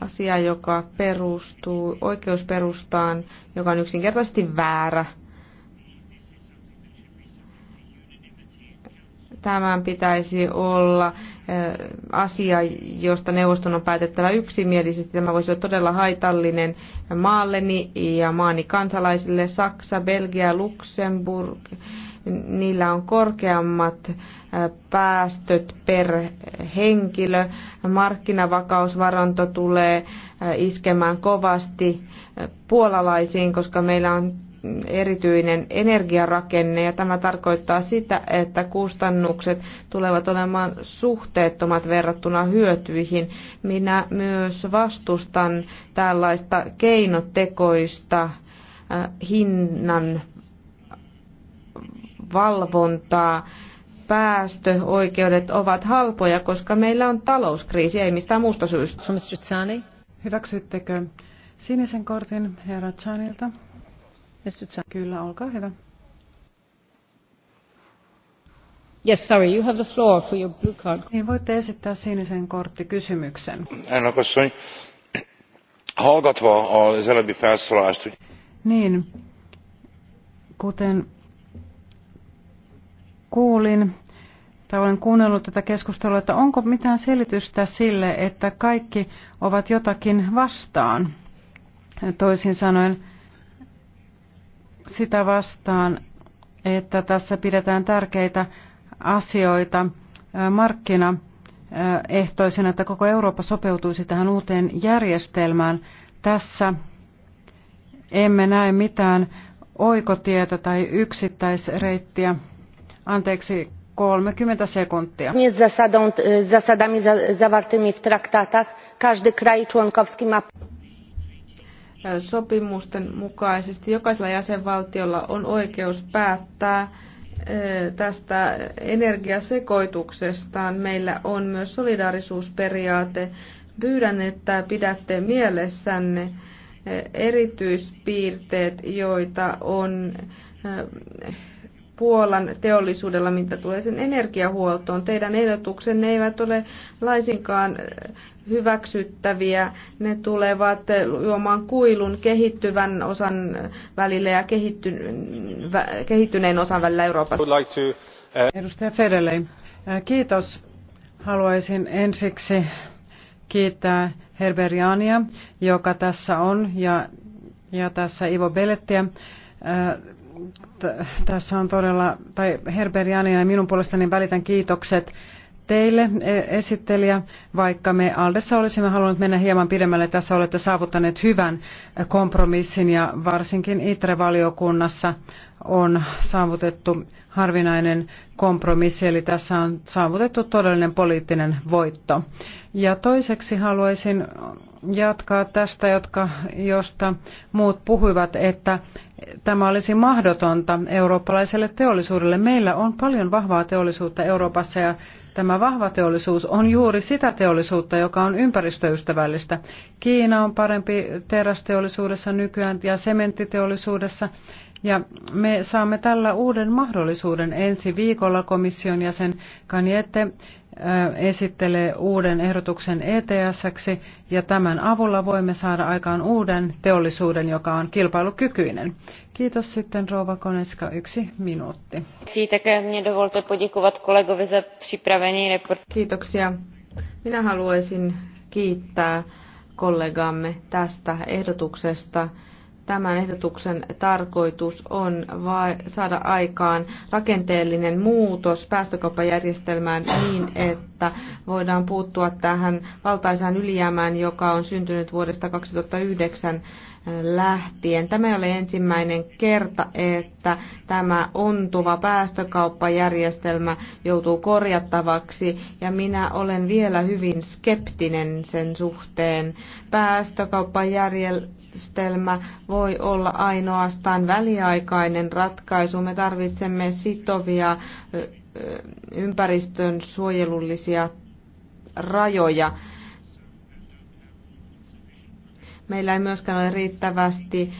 asia, joka perustuu oikeusperustaan, joka on yksinkertaisesti väärä – tämän pitäisi olla asia, josta neuvoston on päätettävä yksimielisesti. Tämä voisi olla todella haitallinen maalleni ja maani kansalaisille. Saksa, Belgia, Luxemburg, niillä on korkeammat päästöt per henkilö. Markkinavakausvaranto tulee iskemään kovasti puolalaisiin, koska meillä on erityinen energiarakenne ja tämä tarkoittaa sitä, että kustannukset tulevat olemaan suhteettomat verrattuna hyötyihin. Minä myös vastustan tällaista keinotekoista äh, hinnan valvontaa päästöoikeudet ovat halpoja, koska meillä on talouskriisi, ei mistään muusta syystä. Hyväksyttekö sinisen kortin herra Chanilta? Kyllä, olkaa hyvä. Yes, sorry, you have the floor for your blue card. Niin, voitte esittää sinisen kysymyksen. Elnök asszony, hallgatva az előbbi felszólalást. Niin, kuten kuulin, tai olen kuunnellut tätä keskustelua, että onko mitään selitystä sille, että kaikki ovat jotakin vastaan. Toisin sanoen, sitä vastaan, että tässä pidetään tärkeitä asioita markkina ehtoisena, että koko Eurooppa sopeutuisi tähän uuteen järjestelmään. Tässä emme näe mitään oikotietä tai yksittäisreittiä. Anteeksi, 30 sekuntia. zasadami zawartymi w traktatach każdy kraj członkowski ma sopimusten mukaisesti jokaisella jäsenvaltiolla on oikeus päättää tästä energiasekoituksestaan. Meillä on myös solidaarisuusperiaate. Pyydän, että pidätte mielessänne erityispiirteet, joita on Puolan teollisuudella, mitä tulee sen energiahuoltoon. Teidän ehdotuksenne eivät ole laisinkaan hyväksyttäviä. Ne tulevat juomaan kuilun kehittyvän osan välillä ja kehittyneen osan välillä Euroopassa. Uh, Edustaja Federley, uh, kiitos. Haluaisin ensiksi kiittää Herberiania, joka tässä on, ja, ja tässä Ivo Belettiä. Uh, tässä on todella, tai Herberiania ja minun puolestani välitän kiitokset teille e, esittelijä, vaikka me Aldessa olisimme halunneet mennä hieman pidemmälle. Tässä olette saavuttaneet hyvän e, kompromissin ja varsinkin ITRE-valiokunnassa on saavutettu harvinainen kompromissi, eli tässä on saavutettu todellinen poliittinen voitto. Ja toiseksi haluaisin jatkaa tästä, jotka, josta muut puhuivat, että tämä olisi mahdotonta eurooppalaiselle teollisuudelle. Meillä on paljon vahvaa teollisuutta Euroopassa ja Tämä vahva teollisuus on juuri sitä teollisuutta, joka on ympäristöystävällistä. Kiina on parempi terästeollisuudessa nykyään ja sementtiteollisuudessa. Ja me saamme tällä uuden mahdollisuuden ensi viikolla komission jäsen Kaniette esittelee uuden ehdotuksen ets ja tämän avulla voimme saada aikaan uuden teollisuuden, joka on kilpailukykyinen. Kiitos sitten Rova Koneska, yksi minuutti. Kiitoksia. Minä haluaisin kiittää kollegaamme tästä ehdotuksesta tämän ehdotuksen tarkoitus on saada aikaan rakenteellinen muutos päästökauppajärjestelmään niin, että voidaan puuttua tähän valtaisaan ylijäämään, joka on syntynyt vuodesta 2009 lähtien. Tämä ei ole ensimmäinen kerta, että tämä ontuva päästökauppajärjestelmä joutuu korjattavaksi ja minä olen vielä hyvin skeptinen sen suhteen. Päästökauppajärjestelmä voi olla ainoastaan väliaikainen ratkaisu. Me tarvitsemme sitovia ympäristön suojelullisia rajoja. Meillä ei myöskään ole riittävästi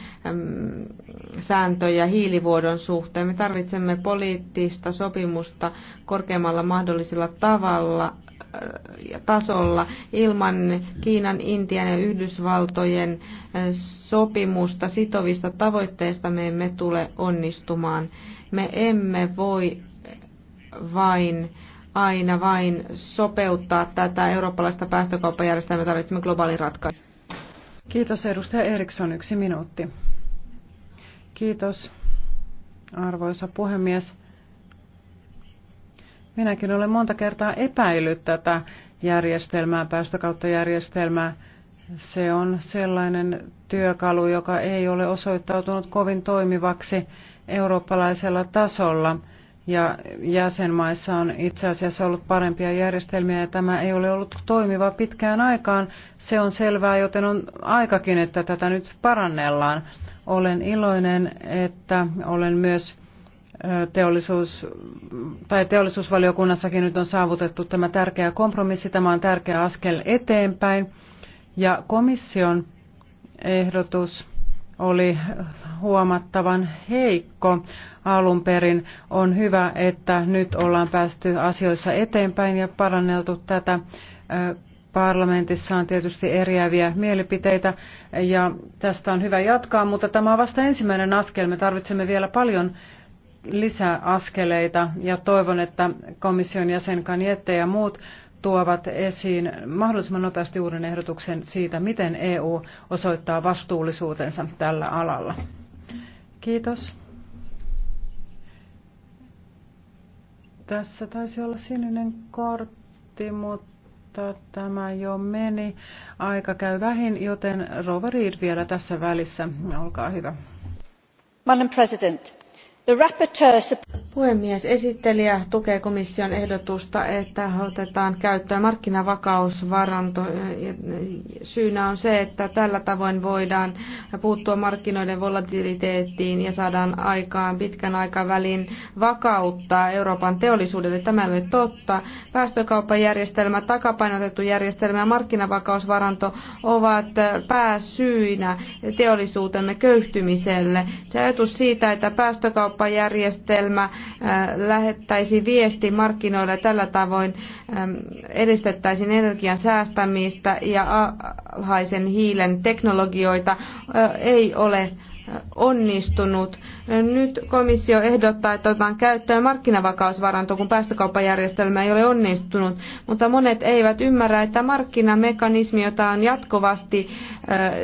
sääntöjä hiilivuodon suhteen. Me tarvitsemme poliittista sopimusta korkeammalla mahdollisella tavalla äh, ja tasolla ilman Kiinan, Intian ja Yhdysvaltojen äh, sopimusta sitovista tavoitteista me emme tule onnistumaan. Me emme voi vain aina vain sopeuttaa tätä eurooppalaista päästökauppajärjestelmää, tarvitsemme globaalin ratkaisun. Kiitos edustaja Eriksson, yksi minuutti. Kiitos, arvoisa puhemies. Minäkin olen monta kertaa epäillyt tätä järjestelmää, järjestelmää. Se on sellainen työkalu, joka ei ole osoittautunut kovin toimivaksi eurooppalaisella tasolla – ja jäsenmaissa on itse asiassa ollut parempia järjestelmiä ja tämä ei ole ollut toimiva pitkään aikaan. Se on selvää, joten on aikakin, että tätä nyt parannellaan. Olen iloinen, että olen myös teollisuus, tai teollisuusvaliokunnassakin nyt on saavutettu tämä tärkeä kompromissi. Tämä on tärkeä askel eteenpäin. Ja komission ehdotus oli huomattavan heikko alun perin. On hyvä, että nyt ollaan päästy asioissa eteenpäin ja paranneltu tätä parlamentissa on tietysti eriäviä mielipiteitä ja tästä on hyvä jatkaa, mutta tämä on vasta ensimmäinen askel. Me tarvitsemme vielä paljon lisäaskeleita ja toivon, että komission jäsen Kanjette ja muut tuovat esiin mahdollisimman nopeasti uuden ehdotuksen siitä, miten EU osoittaa vastuullisuutensa tällä alalla. Kiitos. Tässä taisi olla sininen kortti, mutta tämä jo meni. Aika käy vähin, joten Rova Reed vielä tässä välissä. Olkaa hyvä. Madam President, Puhemies, esittelijä tukee komission ehdotusta, että otetaan käyttöön markkinavakausvaranto. Syynä on se, että tällä tavoin voidaan puuttua markkinoiden volatiliteettiin ja saadaan aikaan pitkän aikavälin vakautta Euroopan teollisuudelle. Tämä ei ole totta. Päästökauppajärjestelmä, takapainotettu järjestelmä ja markkinavakausvaranto ovat pääsyinä teollisuutemme köyhtymiselle. Se ajatus siitä, että päästökauppa Eurooppa-järjestelmä äh, lähettäisi viesti markkinoille tällä tavoin ähm, edistettäisiin energian säästämistä ja alhaisen hiilen teknologioita äh, ei ole onnistunut. Nyt komissio ehdottaa, että otetaan käyttöön markkinavakausvaranto, kun päästökauppajärjestelmä ei ole onnistunut, mutta monet eivät ymmärrä, että markkinamekanismi, jota on jatkuvasti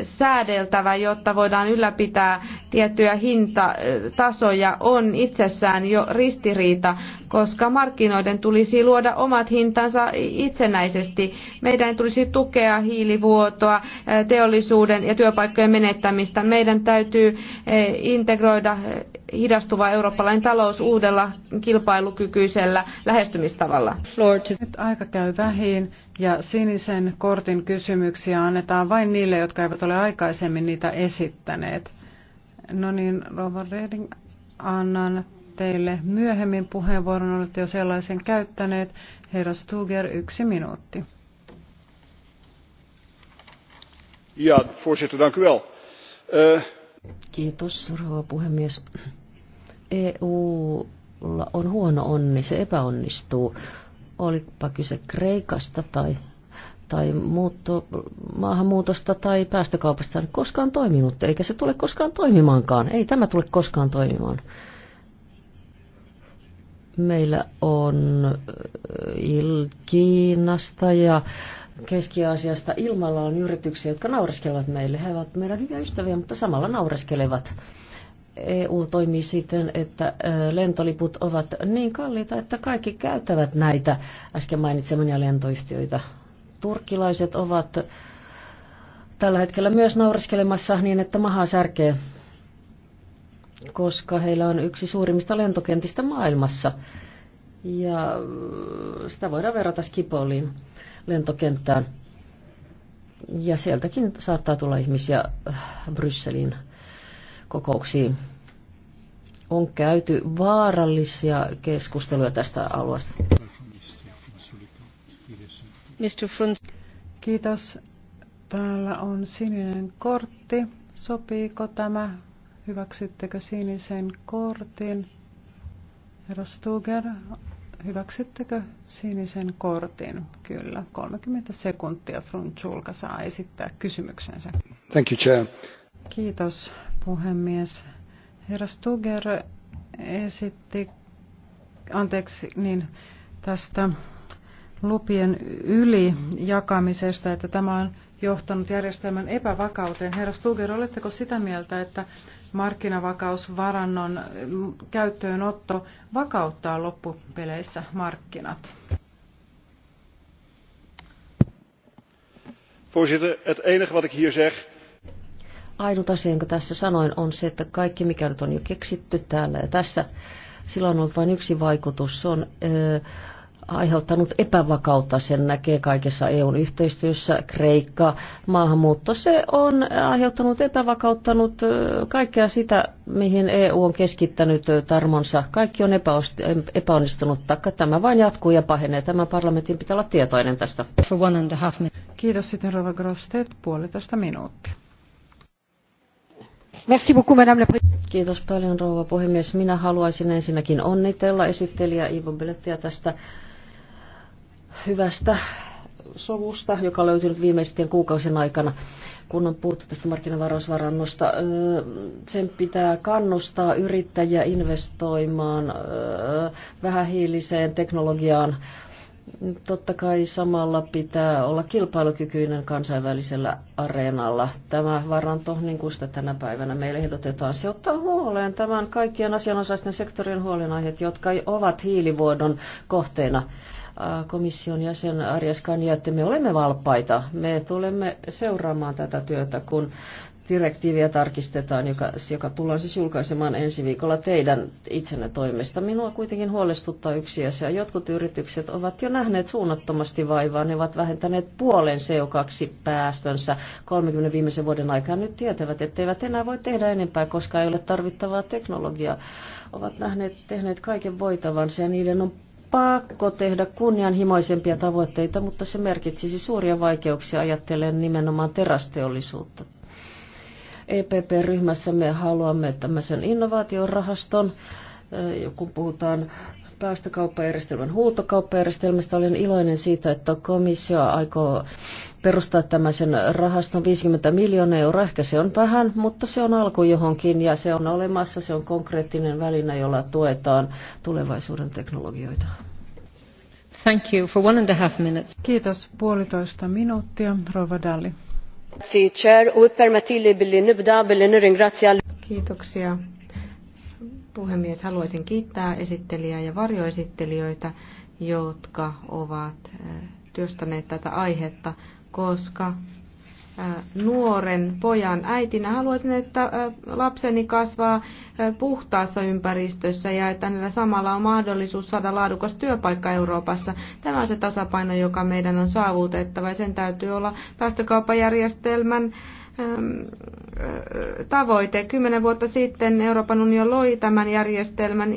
säädeltävä, jotta voidaan ylläpitää tiettyjä hintatasoja, on itsessään jo ristiriita koska markkinoiden tulisi luoda omat hintansa itsenäisesti. Meidän tulisi tukea hiilivuotoa, eh, teollisuuden ja työpaikkojen menettämistä. Meidän täytyy eh, integroida eh, hidastuva eurooppalainen talous uudella kilpailukykyisellä lähestymistavalla. Nyt aika käy vähin ja sinisen kortin kysymyksiä annetaan vain niille, jotka eivät ole aikaisemmin niitä esittäneet. No niin, Rova Reding, annan teille myöhemmin puheenvuoron, olette jo sellaisen käyttäneet. Herra Stuger, yksi minuutti. Ja, voorzitter, dank u wel. Uh... Kiitos, rouva puhemies. EU on huono onni, se epäonnistuu. Olipa kyse Kreikasta tai, tai muutto, maahanmuutosta tai päästökaupasta, se ei koskaan toiminut, eikä se tule koskaan toimimaankaan. Ei tämä tule koskaan toimimaan. Meillä on äh, Kiinasta ja Keski-Aasiasta ilmalla on yrityksiä, jotka naureskelevat meille. He ovat meidän hyviä ystäviä, mutta samalla naureskelevat. EU toimii siten, että äh, lentoliput ovat niin kalliita, että kaikki käyttävät näitä äsken mainitsemania lentoyhtiöitä. Turkkilaiset ovat äh, tällä hetkellä myös naureskelemassa niin, että mahaa särkee koska heillä on yksi suurimmista lentokentistä maailmassa. Ja sitä voidaan verrata Skipoliin lentokenttään. Ja sieltäkin saattaa tulla ihmisiä äh, Brysselin kokouksiin. On käyty vaarallisia keskusteluja tästä alueesta. Kiitos. Täällä on sininen kortti. Sopiiko tämä Hyväksyttekö sinisen kortin? Herra Stuger, hyväksyttekö sinisen kortin? Kyllä. 30 sekuntia Frunchulka saa esittää kysymyksensä. Thank you, Chair. Kiitos, puhemies. Herra Stuger esitti, anteeksi, niin tästä lupien yli jakamisesta, että tämä on johtanut järjestelmän epävakauteen. Herra Stuger, oletteko sitä mieltä, että markkinavakausvarannon mm, käyttöönotto vakauttaa loppupeleissä markkinat? Voorzitter, het enige wat ik hier zeg ainut asia, jonka tässä sanoin, on se, että kaikki, mikä nyt on jo keksitty täällä ja tässä, sillä on ollut vain yksi vaikutus. Se on öö, aiheuttanut epävakautta. Sen näkee kaikessa EUn yhteistyössä, Kreikka, maahanmuutto. Se on aiheuttanut epävakauttanut kaikkea sitä, mihin EU on keskittänyt tarmonsa. Kaikki on epäonnistunut, takka tämä vain jatkuu ja pahenee. Tämä parlamentin pitää olla tietoinen tästä. Kiitos sitten Rova Grosted, puolitoista minuuttia. Kiitos paljon rouva puhemies. Minä haluaisin ensinnäkin onnitella esittelijä Ivo Bellettiä tästä hyvästä sovusta, joka on löytynyt viimeisten kuukausien aikana, kun on puhuttu tästä markkinavarausvarannosta. Sen pitää kannustaa yrittäjiä investoimaan vähähiiliseen teknologiaan, totta kai samalla pitää olla kilpailukykyinen kansainvälisellä areenalla. Tämä varanto, niin kuin sitä tänä päivänä meille ehdotetaan, se ottaa huoleen tämän kaikkien asianosaisten sektorien huolenaiheet, jotka ovat hiilivuodon kohteena. Komission jäsen Arjas Kanjaatte, me olemme valppaita. Me tulemme seuraamaan tätä työtä, kun direktiiviä tarkistetaan, joka, joka tullaan siis julkaisemaan ensi viikolla teidän itsenne toimesta. Minua kuitenkin huolestuttaa yksi asia. Jotkut yritykset ovat jo nähneet suunnattomasti vaivaa. Ne ovat vähentäneet puolen CO2-päästönsä 30 viimeisen vuoden aikaa. Nyt tietävät, eivät enää voi tehdä enempää, koska ei ole tarvittavaa teknologiaa. Ovat nähneet, tehneet kaiken voitavansa ja niiden on pakko tehdä kunnianhimoisempia tavoitteita, mutta se merkitsisi suuria vaikeuksia ajattelen nimenomaan terasteollisuutta EPP-ryhmässä me haluamme tämmöisen innovaatiorahaston, kun puhutaan päästökauppajärjestelmän huutokauppajärjestelmästä. Olen iloinen siitä, että komissio aikoo perustaa tämmöisen rahaston 50 miljoonaa euroa. Ehkä se on vähän, mutta se on alku johonkin ja se on olemassa. Se on konkreettinen väline, jolla tuetaan tulevaisuuden teknologioita. Thank you for one and a half minutes. Kiitos puolitoista minuuttia, Rova Dalli. Kiitoksia. Puhemies, haluaisin kiittää esittelijää ja varjoesittelijöitä, jotka ovat eh, työstäneet tätä aihetta, koska nuoren pojan äitinä haluaisin, että lapseni kasvaa puhtaassa ympäristössä ja että hänellä samalla on mahdollisuus saada laadukas työpaikka Euroopassa. Tämä on se tasapaino, joka meidän on saavutettava ja sen täytyy olla päästökauppajärjestelmän tavoite. Kymmenen vuotta sitten Euroopan unioni loi tämän järjestelmän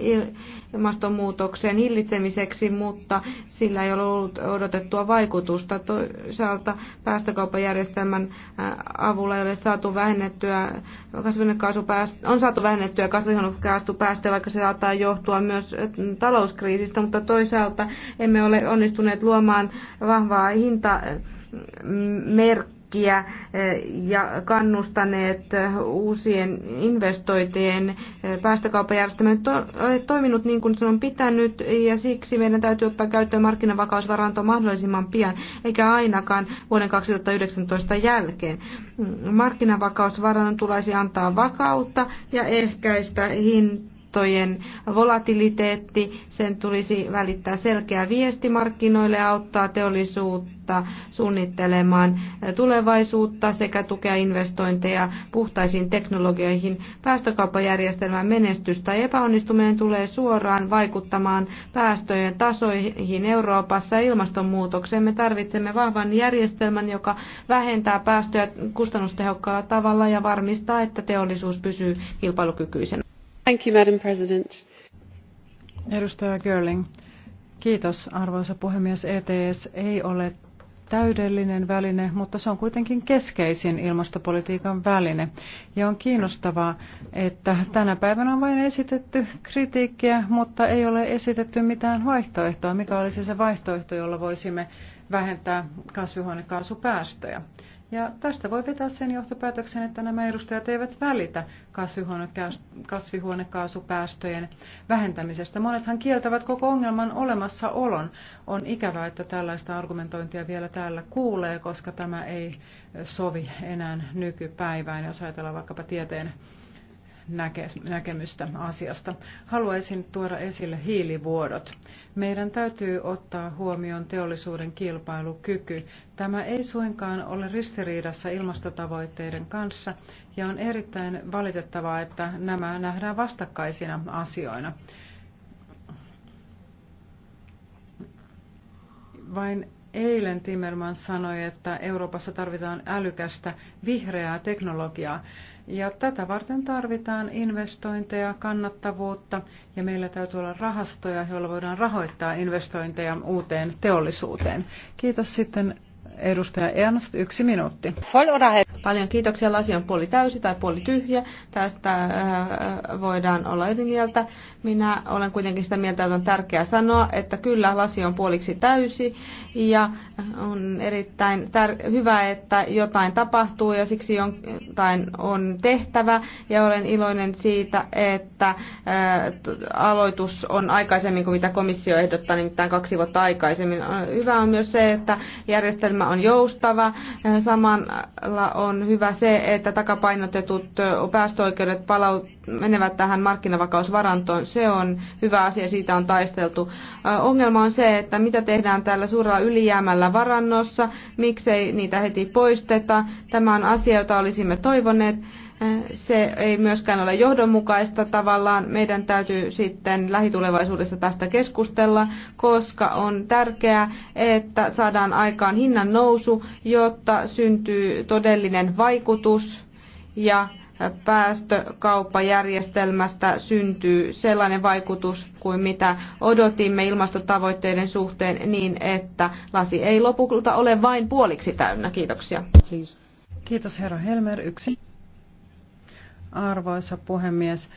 ilmastonmuutoksen hillitsemiseksi, mutta sillä ei ole ollut odotettua vaikutusta. Toisaalta päästökauppajärjestelmän avulla ei ole saatu vähennettyä on saatu vähennettyä kasvihuonekaasupäästöjä, vaikka se saattaa johtua myös talouskriisistä, mutta toisaalta emme ole onnistuneet luomaan vahvaa hintamerkkiä riskiä eh, ja kannustaneet eh, uusien investointien eh, päästökauppajärjestelmä ole toiminut niin kuin se on pitänyt ja siksi meidän täytyy ottaa käyttöön markkinavakausvaranto mahdollisimman pian, eikä ainakaan vuoden 2019 jälkeen. Mm, markkinavakausvarannon tulisi antaa vakautta ja ehkäistä hintaa valuuttojen volatiliteetti, sen tulisi välittää selkeä viesti markkinoille ja auttaa teollisuutta suunnittelemaan tulevaisuutta sekä tukea investointeja puhtaisiin teknologioihin. Päästökauppajärjestelmän menestys tai epäonnistuminen tulee suoraan vaikuttamaan päästöjen tasoihin Euroopassa ja ilmastonmuutokseen. Me tarvitsemme vahvan järjestelmän, joka vähentää päästöjä kustannustehokkaalla tavalla ja varmistaa, että teollisuus pysyy kilpailukykyisenä. Thank you, Madam President. Edustaja Görling. Kiitos, arvoisa puhemies. ETS ei ole täydellinen väline, mutta se on kuitenkin keskeisin ilmastopolitiikan väline. Ja on kiinnostavaa, että tänä päivänä on vain esitetty kritiikkiä, mutta ei ole esitetty mitään vaihtoehtoa. Mikä olisi se vaihtoehto, jolla voisimme vähentää kasvihuonekaasupäästöjä? Ja tästä voi vetää sen johtopäätöksen, että nämä edustajat eivät välitä kasvihuonekaasupäästöjen vähentämisestä. Monethan kieltävät koko ongelman olemassaolon. On ikävää, että tällaista argumentointia vielä täällä kuulee, koska tämä ei sovi enää nykypäivään, jos ajatellaan vaikkapa tieteen näke, näkemystä asiasta. Haluaisin tuoda esille hiilivuodot. Meidän täytyy ottaa huomioon teollisuuden kilpailukyky. Tämä ei suinkaan ole ristiriidassa ilmastotavoitteiden kanssa ja on erittäin valitettavaa, että nämä nähdään vastakkaisina asioina. Vain Eilen Timmerman sanoi, että Euroopassa tarvitaan älykästä vihreää teknologiaa. Ja tätä varten tarvitaan investointeja, kannattavuutta ja meillä täytyy olla rahastoja, joilla voidaan rahoittaa investointeja uuteen teollisuuteen. Kiitos sitten edustaja Ernst, yksi minuutti. Paljon kiitoksia. Lasi on puoli täysi tai puoli tyhjä. Tästä äh, voidaan olla eri mieltä. Minä olen kuitenkin sitä mieltä, että on tärkeää sanoa, että kyllä lasi on puoliksi täysi ja on erittäin hyvä, että jotain tapahtuu ja siksi jotain on tehtävä. Ja olen iloinen siitä, että äh, aloitus on aikaisemmin kuin mitä komissio ehdottaa, nimittäin kaksi vuotta aikaisemmin. Hyvä on myös se, että järjestelmä on joustava. Äh, Samalla on on hyvä se, että takapainotetut päästöoikeudet palaut, menevät tähän markkinavakausvarantoon. Se on hyvä asia, siitä on taisteltu. Ongelma on se, että mitä tehdään tällä suurella ylijäämällä varannossa, miksei niitä heti poisteta. Tämä on asia, jota olisimme toivoneet. Se ei myöskään ole johdonmukaista tavallaan. Meidän täytyy sitten lähitulevaisuudessa tästä keskustella, koska on tärkeää, että saadaan aikaan hinnan nousu, jotta syntyy todellinen vaikutus ja päästökauppajärjestelmästä syntyy sellainen vaikutus kuin mitä odotimme ilmastotavoitteiden suhteen niin, että lasi ei lopulta ole vain puoliksi täynnä. Kiitoksia. Kiitos herra Helmer. Yksi. Arvoisa puhemies,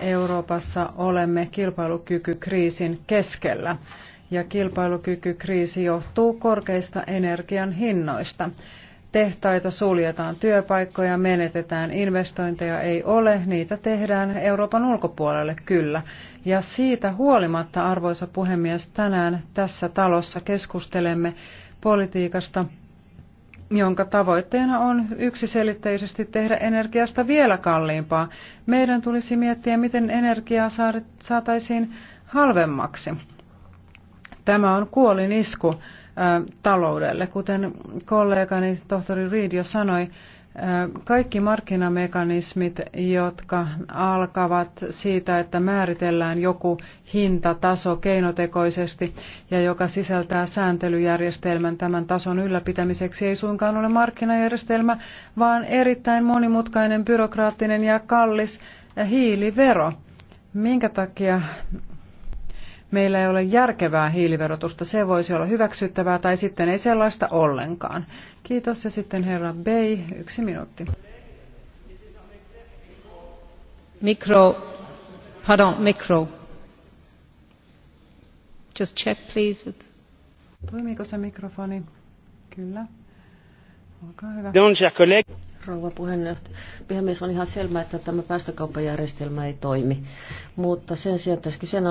Euroopassa olemme kilpailukykykriisin keskellä ja kilpailukykykriisi johtuu korkeista energian hinnoista. Tehtaita suljetaan, työpaikkoja menetetään, investointeja ei ole, niitä tehdään Euroopan ulkopuolelle kyllä. Ja siitä huolimatta, arvoisa puhemies, tänään tässä talossa keskustelemme politiikasta, jonka tavoitteena on yksiselitteisesti tehdä energiasta vielä kalliimpaa. Meidän tulisi miettiä, miten energiaa saataisiin halvemmaksi. Tämä on kuolinisku taloudelle. Kuten kollegani tohtori Reid jo sanoi, kaikki markkinamekanismit, jotka alkavat siitä, että määritellään joku hintataso keinotekoisesti ja joka sisältää sääntelyjärjestelmän tämän tason ylläpitämiseksi, ei suinkaan ole markkinajärjestelmä, vaan erittäin monimutkainen, byrokraattinen ja kallis hiilivero. Minkä takia meillä ei ole järkevää hiiliverotusta. Se voisi olla hyväksyttävää tai sitten ei sellaista ollenkaan. Kiitos ja sitten herra Bey, yksi minuutti. Mikro, pardon, mikro. Just check please. Toimiiko se mikrofoni? Kyllä. Olkaa hyvä. Rouva puhemies, on ihan selvää, että tämä päästökauppajärjestelmä ei toimi. Mutta sen sijaan, että sen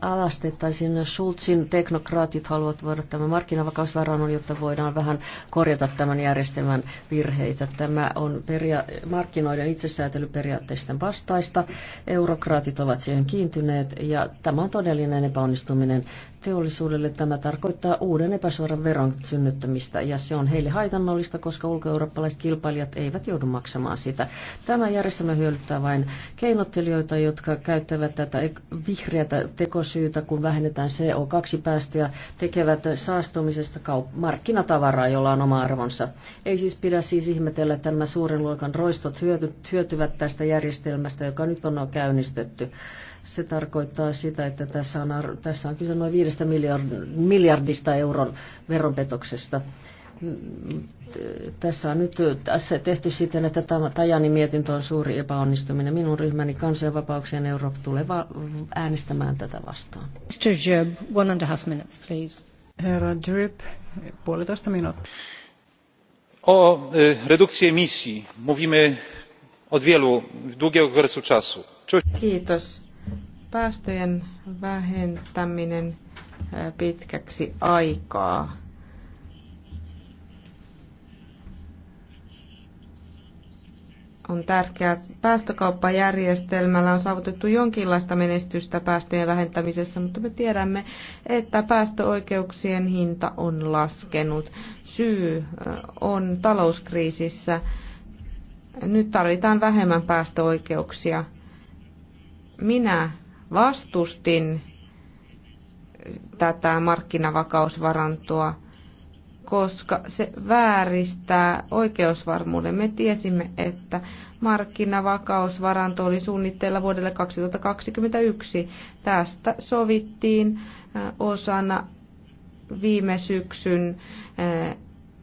alastettaisiin myös Schulzin teknokraatit haluavat voida tämän markkinavakausvarannon, jotta voidaan vähän korjata tämän järjestelmän virheitä. Tämä on peria- markkinoiden itsesäätelyperiaatteisten vastaista. Eurokraatit ovat siihen kiintyneet ja tämä on todellinen epäonnistuminen teollisuudelle. Tämä tarkoittaa uuden epäsuoran veron synnyttämistä ja se on heille haitannollista, koska ulkoeurooppalaiset kilpailijat eivät joudu maksamaan sitä. Tämä järjestelmä hyödyttää vain keinottelijoita, jotka käy käyttävät tätä vihreätä tekosyytä, kun vähennetään CO2-päästöjä, tekevät saastumisesta kaup- markkinatavaraa, jolla on oma arvonsa. Ei siis pidä siis ihmetellä, että nämä suuren luokan roistot hyötyvät tästä järjestelmästä, joka nyt on käynnistetty. Se tarkoittaa sitä, että tässä on, tässä on kyse noin 5 miljardista euron veronpetoksesta tässä on nyt tässä tehty siten, että tämä Tajani mietintö on suuri epäonnistuminen. Minun ryhmäni kansanvapauksien Eurooppa tulee äänestämään tätä vastaan. Mr. Jeb, one and a half minutes, please. Herra Drip, puolitoista minuuttia. O e, redukcji emisji mówimy od wielu długiego okresu czasu. Kiitos. Päästöjen vähentäminen e, pitkäksi aikaa on tärkeää. Päästökauppajärjestelmällä on saavutettu jonkinlaista menestystä päästöjen vähentämisessä, mutta me tiedämme, että päästöoikeuksien hinta on laskenut. Syy on talouskriisissä. Nyt tarvitaan vähemmän päästöoikeuksia. Minä vastustin tätä markkinavakausvarantoa koska se vääristää oikeusvarmuuden. Me tiesimme, että markkinavakausvaranto oli suunnitteilla vuodelle 2021. Tästä sovittiin osana viime syksyn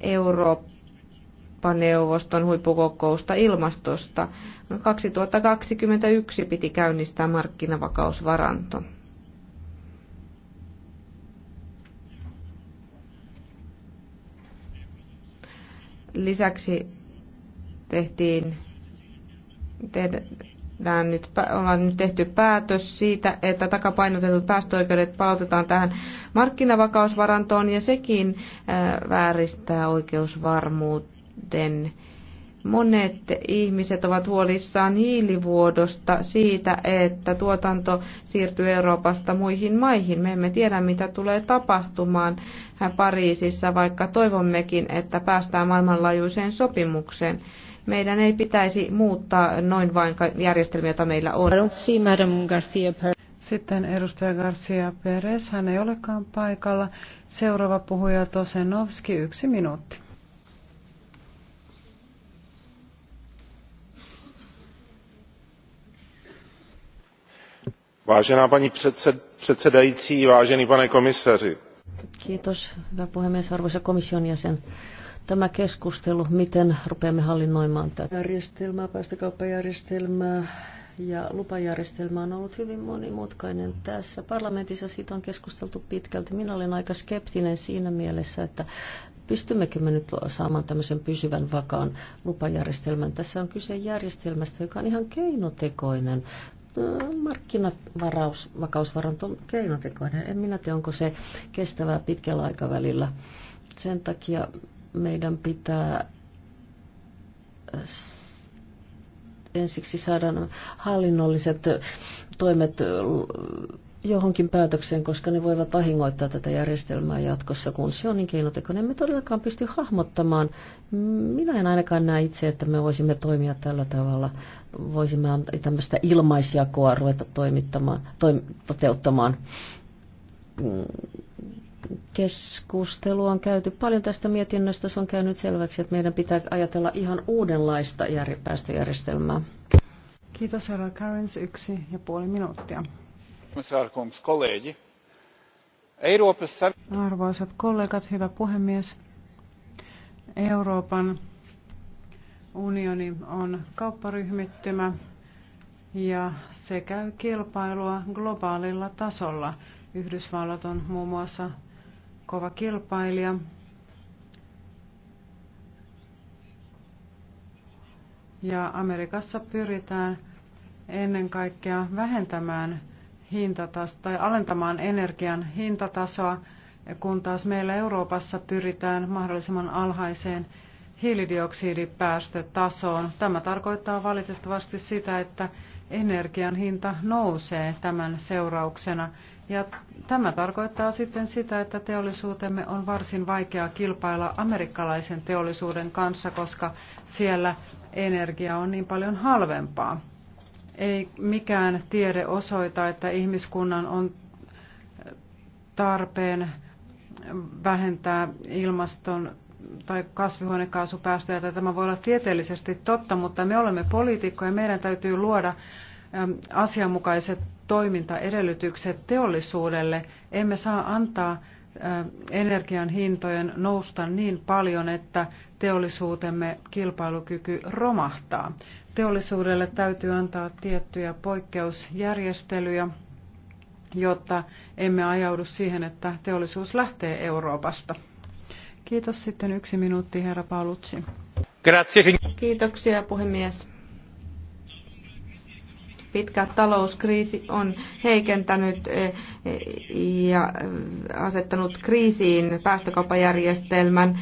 Eurooppa-neuvoston huippukokousta ilmastosta. 2021 piti käynnistää markkinavakausvaranto. Lisäksi tehtiin, tehdään nyt, ollaan nyt tehty päätös siitä, että takapainotetut päästöoikeudet palautetaan tähän markkinavakausvarantoon ja sekin vääristää oikeusvarmuuden Monet ihmiset ovat huolissaan hiilivuodosta siitä, että tuotanto siirtyy Euroopasta muihin maihin. Me emme tiedä, mitä tulee tapahtumaan Pariisissa, vaikka toivommekin, että päästään maailmanlaajuiseen sopimukseen. Meidän ei pitäisi muuttaa noin vain järjestelmiä, joita meillä on. Sitten edustaja Garcia Perez, hän ei olekaan paikalla. Seuraava puhuja Tosenovski, yksi minuutti. paní předsedající pane komisaři hyvä puhemies arvoisa komission jäsen tämä keskustelu miten rupeamme hallinnoimaan tätä järjestelmää päästökauppajärjestelmää ja lupajärjestelmä on ollut hyvin monimutkainen. Tässä parlamentissa siitä on keskusteltu pitkälti. Minä olen aika skeptinen siinä mielessä, että pystymmekö me nyt saamaan tämmöisen pysyvän vakaan lupajärjestelmän. Tässä on kyse järjestelmästä, joka on ihan keinotekoinen on keinotekoinen. En minä tiedä, onko se kestävää pitkällä aikavälillä. Sen takia meidän pitää ensiksi saada hallinnolliset toimet johonkin päätökseen, koska ne voivat vahingoittaa tätä järjestelmää jatkossa, kun se on niin keinotekoinen. emme todellakaan pysty hahmottamaan. Minä en ainakaan näe itse, että me voisimme toimia tällä tavalla. Voisimme tämmöistä ilmaisjakoa ruveta toimittamaan, toim, toteuttamaan. Keskustelu on käyty paljon tästä mietinnöstä. Se on käynyt selväksi, että meidän pitää ajatella ihan uudenlaista päästöjärjestelmää. Kiitos herra Karens, yksi ja puoli minuuttia. Arvoisat kollegat, hyvä puhemies. Euroopan unioni on kaupparyhmittymä ja se käy kilpailua globaalilla tasolla. Yhdysvallat on muun muassa kova kilpailija. Ja Amerikassa pyritään ennen kaikkea vähentämään hintatas- tai alentamaan energian hintatasoa, kun taas meillä Euroopassa pyritään mahdollisimman alhaiseen hiilidioksidipäästötasoon. Tämä tarkoittaa valitettavasti sitä, että energian hinta nousee tämän seurauksena. Ja tämä tarkoittaa sitten sitä, että teollisuutemme on varsin vaikea kilpailla amerikkalaisen teollisuuden kanssa, koska siellä energia on niin paljon halvempaa. Ei mikään tiede osoita, että ihmiskunnan on tarpeen vähentää ilmaston tai kasvihuonekaasupäästöjä, tai tämä voi olla tieteellisesti totta, mutta me olemme poliitikkoja, meidän täytyy luoda asianmukaiset toimintaedellytykset teollisuudelle. Emme saa antaa energian hintojen nousta niin paljon, että teollisuutemme kilpailukyky romahtaa teollisuudelle täytyy antaa tiettyjä poikkeusjärjestelyjä, jotta emme ajaudu siihen, että teollisuus lähtee Euroopasta. Kiitos sitten yksi minuutti, herra Paulutsi. Kiitoksia puhemies pitkä talouskriisi on heikentänyt eh, eh, ja eh, asettanut kriisiin päästökauppajärjestelmän.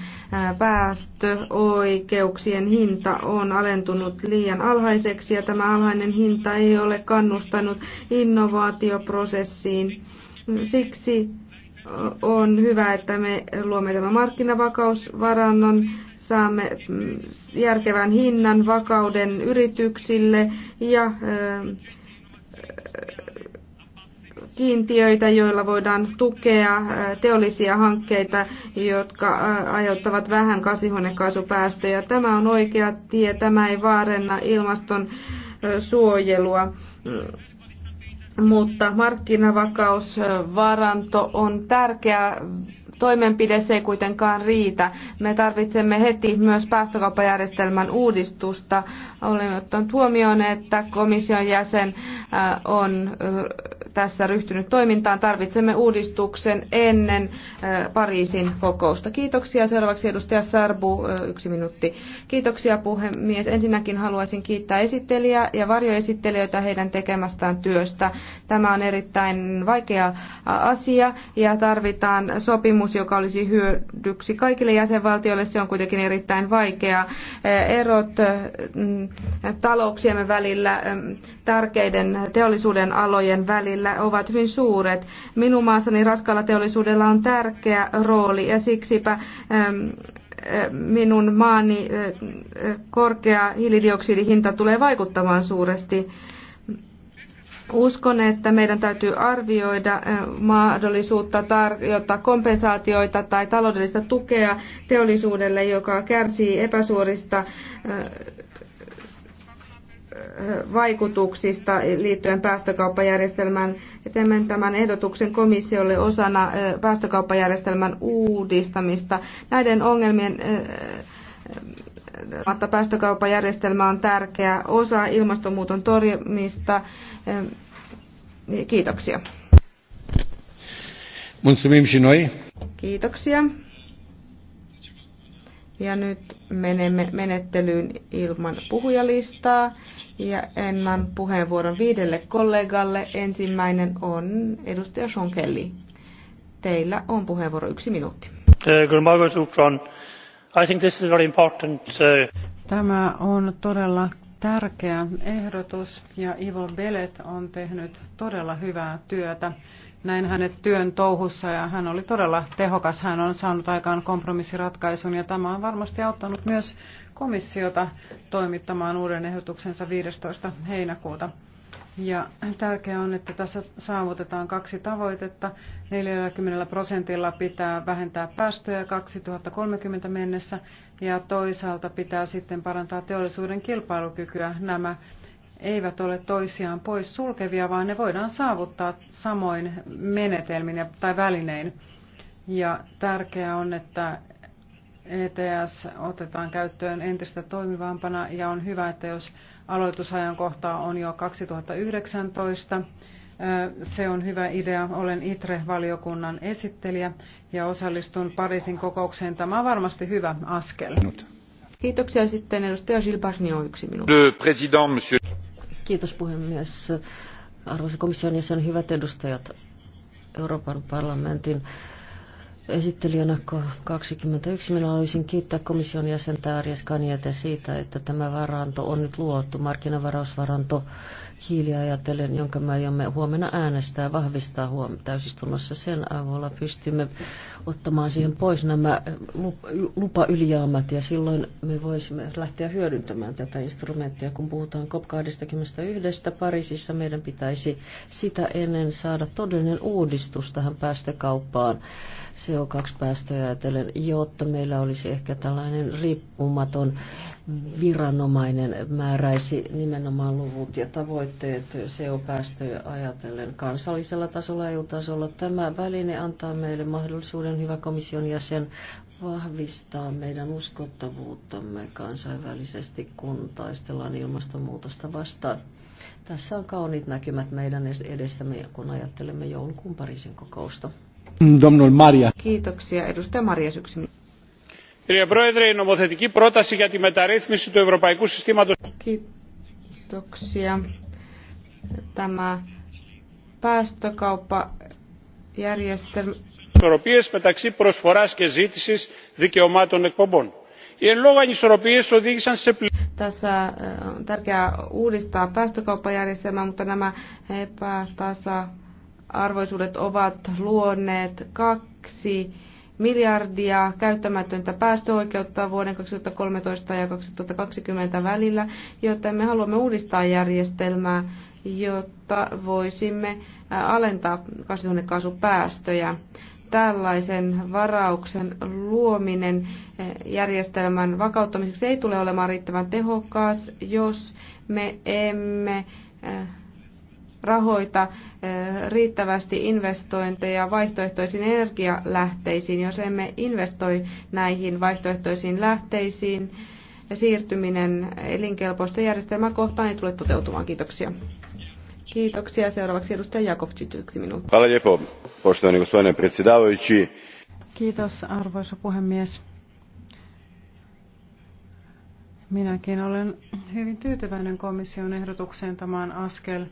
Päästöoikeuksien hinta on alentunut liian alhaiseksi ja tämä alhainen hinta ei ole kannustanut innovaatioprosessiin. Siksi on hyvä, että me luomme tämän markkinavakausvarannon saamme mm, järkevän hinnan vakauden yrityksille ja kiintiöitä, joilla voidaan tukea teollisia hankkeita, jotka aiheuttavat vähän kasvihuonekaasupäästöjä. Tämä on oikea tie, tämä ei vaarenna ilmaston suojelua. Mm, mutta markkinavakausvaranto on tärkeä toimenpide se ei kuitenkaan riitä. Me tarvitsemme heti myös päästökauppajärjestelmän uudistusta. Olemme ottaneet huomioon, että komission jäsen äh, on äh, tässä ryhtynyt toimintaan. Tarvitsemme uudistuksen ennen Pariisin kokousta. Kiitoksia. Seuraavaksi edustaja Sarbu, yksi minuutti. Kiitoksia puhemies. Ensinnäkin haluaisin kiittää esittelijää ja varjoesittelijöitä heidän tekemästään työstä. Tämä on erittäin vaikea asia ja tarvitaan sopimus, joka olisi hyödyksi kaikille jäsenvaltioille. Se on kuitenkin erittäin vaikea. Erot talouksiemme välillä, tärkeiden teollisuuden alojen välillä, välillä ovat hyvin suuret. Minun maassani raskalla teollisuudella on tärkeä rooli ja siksipä ähm, äh, minun maani äh, korkea hiilidioksidihinta tulee vaikuttamaan suuresti. Uskon, että meidän täytyy arvioida äh, mahdollisuutta tarjota kompensaatioita tai taloudellista tukea teollisuudelle, joka kärsii epäsuorista vaikutuksista liittyen päästökauppajärjestelmään ja teemme tämän ehdotuksen komissiolle osana päästökauppajärjestelmän uudistamista. Näiden ongelmien että päästökauppajärjestelmä on tärkeä osa ilmastonmuuton torjumista. Kiitoksia. Mulțumim și noi. Kiitoksia. Ja nyt menemme menettelyyn ilman puhujalistaa ja ennan puheenvuoron viidelle kollegalle. Ensimmäinen on edustaja Sean Kelly. Teillä on puheenvuoro yksi minuutti. Eh, eh. Tämä on todella tärkeä ehdotus ja Ivo Belet on tehnyt todella hyvää työtä näin hänet työn touhussa ja hän oli todella tehokas. Hän on saanut aikaan kompromissiratkaisun ja tämä on varmasti auttanut myös komissiota toimittamaan uuden ehdotuksensa 15. heinäkuuta. Ja tärkeää on, että tässä saavutetaan kaksi tavoitetta. 40 prosentilla pitää vähentää päästöjä 2030 mennessä ja toisaalta pitää sitten parantaa teollisuuden kilpailukykyä. Nämä eivät ole toisiaan pois sulkevia, vaan ne voidaan saavuttaa samoin menetelmin tai välinein. Ja tärkeää on, että ETS otetaan käyttöön entistä toimivampana ja on hyvä, että jos aloitusajankohta on jo 2019, se on hyvä idea. Olen ITRE-valiokunnan esittelijä ja osallistun Pariisin kokoukseen. Tämä on varmasti hyvä askel. Kiitoksia sitten edustaja Gilles Barnio, yksi minuutti. Kiitos puhemies. Arvoisa komission jäsen, hyvät edustajat Euroopan parlamentin esittelijänä 21. Minä olisin kiittää komission jäsentä Arjes Kanjete siitä, että tämä varanto on nyt luotu, markkinavarausvaranto, hiiliä ajatellen, jonka me aiomme huomenna äänestää vahvistaa huom- täysistunnossa. Sen avulla pystymme ottamaan siihen pois nämä lupaylijäämät ja silloin me voisimme lähteä hyödyntämään tätä instrumenttia. Kun puhutaan COP21 Pariisissa, meidän pitäisi sitä ennen saada todellinen uudistus tähän päästökauppaan CO2-päästöjä ajatellen, jotta meillä olisi ehkä tällainen riippumaton viranomainen määräisi nimenomaan luvut ja tavoitteet CO-päästöjä ajatellen kansallisella tasolla ja EU-tasolla. Tämä väline antaa meille mahdollisuuden, hyvä komission jäsen, vahvistaa meidän uskottavuuttamme kansainvälisesti, kun taistellaan ilmastonmuutosta vastaan. Tässä on kauniit näkymät meidän edessämme, kun ajattelemme joulukuun Pariisin kokousta. Domnul Maria. Kiitoksia. Edustaja Maria Syksimi. Κύριε Πρόεδρε, η νομοθετική πρόταση για τη μεταρρύθμιση του Ευρωπαϊκού Συστήματος... Kiitoksia. Tämä päästökauppajärjestelmä... ...ισορροπίες μεταξύ προσφοράς και ζήτησης δικαιωμάτων εκπομπών. Οι εν λόγω ανισορροπίες οδήγησαν σε tässä on tärkeää uudistaa päästökauppajärjestelmää, mutta nämä epätasa arvoisuudet ovat luoneet kaksi miljardia käyttämätöntä päästöoikeutta vuoden 2013 ja 2020 välillä, joten me haluamme uudistaa järjestelmää, jotta voisimme alentaa kasvihuonekaasupäästöjä. Tällaisen varauksen luominen järjestelmän vakauttamiseksi ei tule olemaan riittävän tehokas, jos me emme rahoita eh, riittävästi investointeja vaihtoehtoisiin energialähteisiin. Jos emme investoi näihin vaihtoehtoisiin lähteisiin, siirtyminen elinkelpoista järjestelmää kohtaan ei tule toteutumaan. Kiitoksia. Kiitoksia. Seuraavaksi edustaja Jakovčić, yksi minuutti. Hvala lijepo, poštovani gospodine predsjedavajući. Kiitos, arvoisa puhemies. Minäkin olen hyvin tyytyväinen komission ehdotukseen. Tämä on askel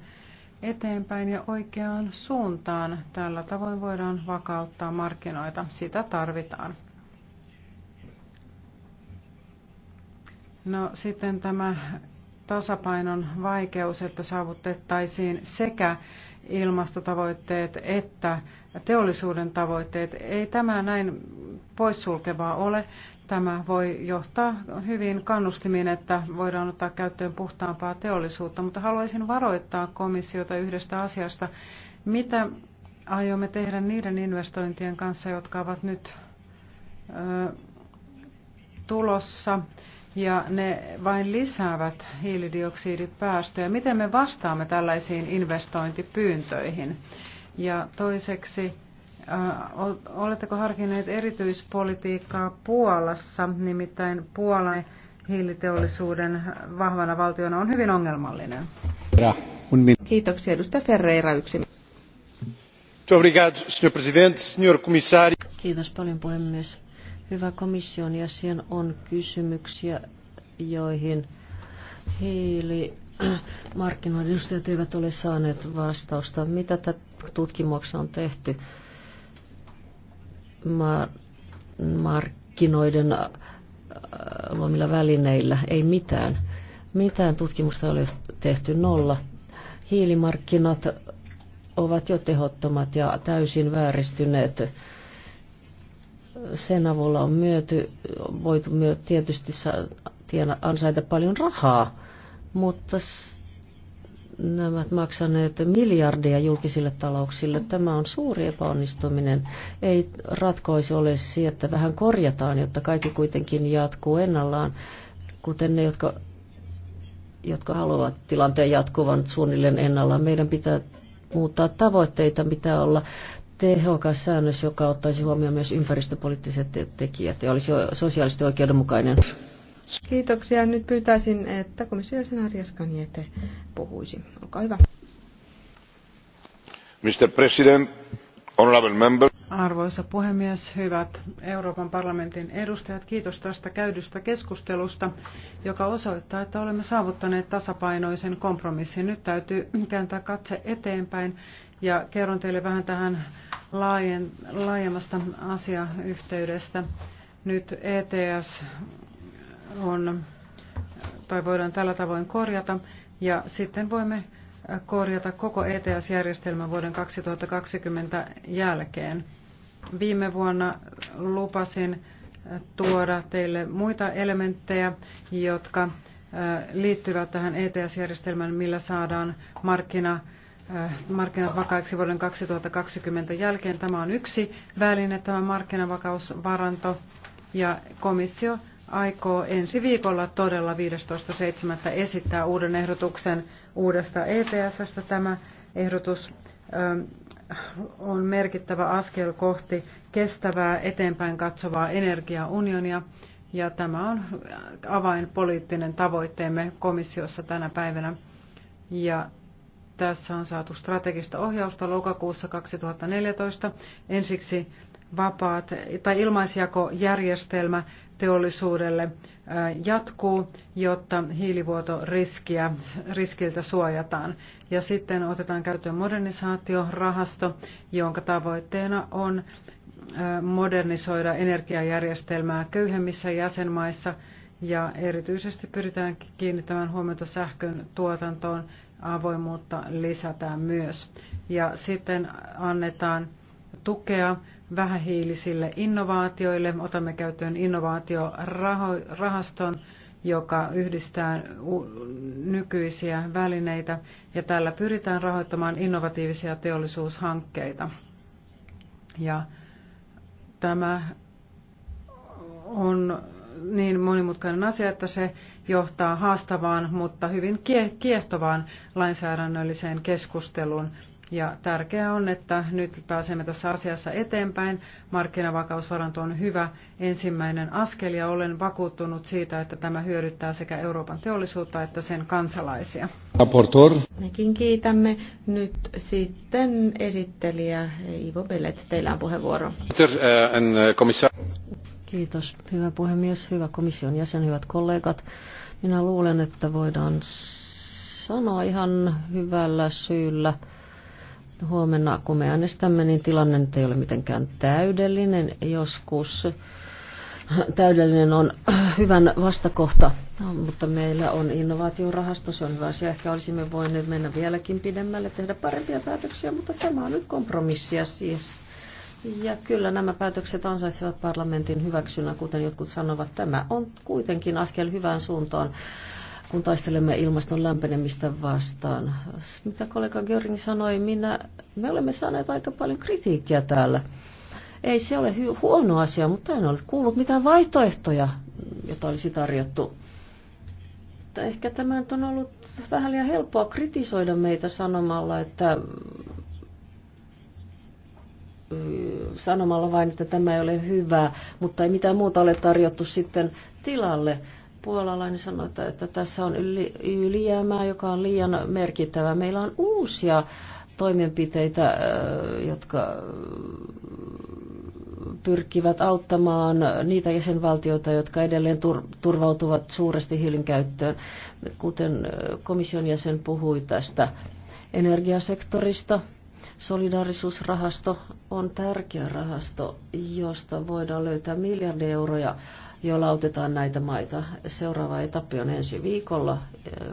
eteenpäin ja oikeaan suuntaan. Tällä tavoin voidaan vakauttaa markkinoita. Sitä tarvitaan. No sitten tämä tasapainon vaikeus, että saavutettaisiin sekä ilmastotavoitteet että teollisuuden tavoitteet. Ei tämä näin poissulkevaa ole. Tämä voi johtaa hyvin kannustimiin, että voidaan ottaa käyttöön puhtaampaa teollisuutta, mutta haluaisin varoittaa komissiota yhdestä asiasta. Mitä aiomme tehdä niiden investointien kanssa, jotka ovat nyt ö, tulossa ja ne vain lisäävät hiilidioksidipäästöjä? Miten me vastaamme tällaisiin investointipyyntöihin? Ja toiseksi Oletteko harkineet erityispolitiikkaa Puolassa, nimittäin Puolan hiiliteollisuuden vahvana valtiona on hyvin ongelmallinen? Kiitoksia. Edustaja Ferreira yksi. Kiitos paljon puhemies. Hyvä komission jäsen, on kysymyksiä, joihin hiili markkinoiden edustajat eivät ole saaneet vastausta. Mitä tutkimuksessa on tehty? markkinoiden äh, luomilla välineillä, ei mitään. Mitään tutkimusta ole tehty nolla. Hiilimarkkinat ovat jo tehottomat ja täysin vääristyneet. Sen avulla on myöty, voitu myö, tietysti ansaita paljon rahaa, mutta nämä maksaneet miljardeja julkisille talouksille. Tämä on suuri epäonnistuminen. Ei ratkoisi ole se, että vähän korjataan, jotta kaikki kuitenkin jatkuu ennallaan, kuten ne, jotka, jotka haluavat tilanteen jatkuvan suunnilleen ennallaan. Meidän pitää muuttaa tavoitteita, pitää olla tehokas säännös, joka ottaisi huomioon myös ympäristöpoliittiset tekijät ja olisi sosiaalisesti oikeudenmukainen. Kiitoksia. Nyt pyytäisin, että komissio jäsen Arias puhuisi. Olkaa hyvä. Mr. President, honorable members. Arvoisa puhemies, hyvät Euroopan parlamentin edustajat, kiitos tästä käydystä keskustelusta, joka osoittaa, että olemme saavuttaneet tasapainoisen kompromissin. Nyt täytyy kääntää katse eteenpäin ja kerron teille vähän tähän laajemmasta asiayhteydestä. Nyt ETS on, tai voidaan tällä tavoin korjata. Ja sitten voimme korjata koko ETS-järjestelmä vuoden 2020 jälkeen. Viime vuonna lupasin tuoda teille muita elementtejä, jotka liittyvät tähän ETS-järjestelmään, millä saadaan markkina, markkinat vakaiksi vuoden 2020 jälkeen. Tämä on yksi väline, tämä markkinavakausvaranto, ja komissio aikoo ensi viikolla todella 15.7. esittää uuden ehdotuksen uudesta ETSstä. Tämä ehdotus ähm, on merkittävä askel kohti kestävää eteenpäin katsovaa energiaunionia ja tämä on avainpoliittinen tavoitteemme komissiossa tänä päivänä. Ja tässä on saatu strategista ohjausta lokakuussa 2014. Ensiksi vapaat tai ilmaisjakojärjestelmä teollisuudelle jatkuu, jotta hiilivuotoriskiä riskiltä suojataan. Ja sitten otetaan käyttöön modernisaatiorahasto, jonka tavoitteena on modernisoida energiajärjestelmää köyhemmissä jäsenmaissa ja erityisesti pyritään kiinnittämään huomiota sähkön tuotantoon, avoimuutta lisätään myös. Ja sitten annetaan tukea vähähiilisille innovaatioille. Otamme käyttöön innovaatiorahaston, joka yhdistää nykyisiä välineitä ja tällä pyritään rahoittamaan innovatiivisia teollisuushankkeita. Ja tämä on niin monimutkainen asia, että se johtaa haastavaan, mutta hyvin kiehtovaan lainsäädännölliseen keskusteluun. Ja tärkeää on, että nyt pääsemme tässä asiassa eteenpäin. Markkinavakausvaranto on hyvä ensimmäinen askel ja olen vakuuttunut siitä, että tämä hyödyttää sekä Euroopan teollisuutta että sen kansalaisia. Raportor. Mekin kiitämme. Nyt sitten esittelijä Ivo Bellet, teillä on puheenvuoro. Eh, eh, Kiitos, hyvä puhemies, hyvä komission jäsen, hyvät kollegat. Minä luulen, että voidaan sanoa ihan hyvällä syyllä, huomenna, kun me äänestämme, niin tilanne nyt ei ole mitenkään täydellinen. Joskus täydellinen on hyvän vastakohta, mutta meillä on innovaatiorahasto, se on hyvä asia. Ehkä olisimme voineet mennä vieläkin pidemmälle, tehdä parempia päätöksiä, mutta tämä on nyt kompromissia siis. Ja kyllä nämä päätökset ansaitsevat parlamentin hyväksynnä, kuten jotkut sanovat. Tämä on kuitenkin askel hyvään suuntaan kun taistelemme ilmaston lämpenemistä vastaan. Mitä kollega Göring sanoi, minä, me olemme saaneet aika paljon kritiikkiä täällä. Ei se ole huono asia, mutta en ole kuullut mitään vaihtoehtoja, joita olisi tarjottu että ehkä tämä on ollut vähän liian helppoa kritisoida meitä sanomalla, että sanomalla vain, että tämä ei ole hyvä, mutta ei mitään muuta ole tarjottu sitten tilalle puolalainen sanoi, että, että tässä on yli, ylijäämää, joka on liian merkittävä. Meillä on uusia toimenpiteitä, jotka pyrkivät auttamaan niitä jäsenvaltioita, jotka edelleen turvautuvat suuresti hiilin käyttöön, kuten komission jäsen puhui tästä energiasektorista. Solidaarisuusrahasto on tärkeä rahasto, josta voidaan löytää miljardi euroja jolla autetaan näitä maita. Seuraava etappi on ensi viikolla,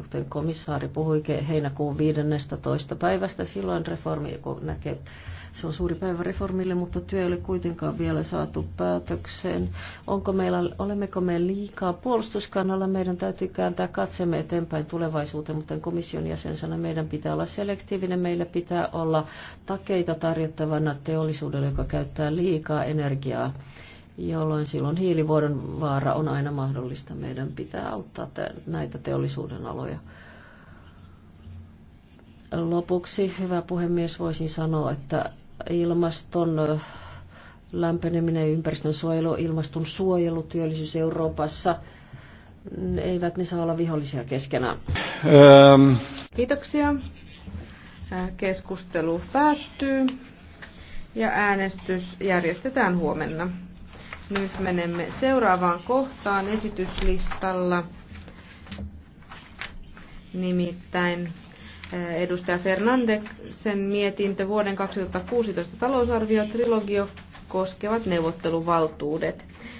kuten komissaari puhui heinäkuun 15. päivästä. Silloin reformi kun näkee, se on suuri päivä reformille, mutta työ ei ole kuitenkaan vielä saatu päätökseen. Onko meillä, olemmeko me liikaa puolustuskannalla? Meidän täytyy kääntää katsemme eteenpäin tulevaisuuteen, mutta komission jäsen sanoi, meidän pitää olla selektiivinen. Meillä pitää olla takeita tarjottavana teollisuudelle, joka käyttää liikaa energiaa jolloin silloin hiilivuodon vaara on aina mahdollista. Meidän pitää auttaa näitä teollisuuden aloja. Lopuksi, hyvä puhemies, voisin sanoa, että ilmaston lämpeneminen, ympäristön suojelu, ilmaston suojelu, työllisyys Euroopassa, eivät ne saa olla vihollisia keskenään. Ähm. Kiitoksia. Keskustelu päättyy ja äänestys järjestetään huomenna. Nyt menemme seuraavaan kohtaan esityslistalla, nimittäin eh, edustaja Fernandeksen mietintö vuoden 2016 talousarvio trilogio koskevat neuvotteluvaltuudet.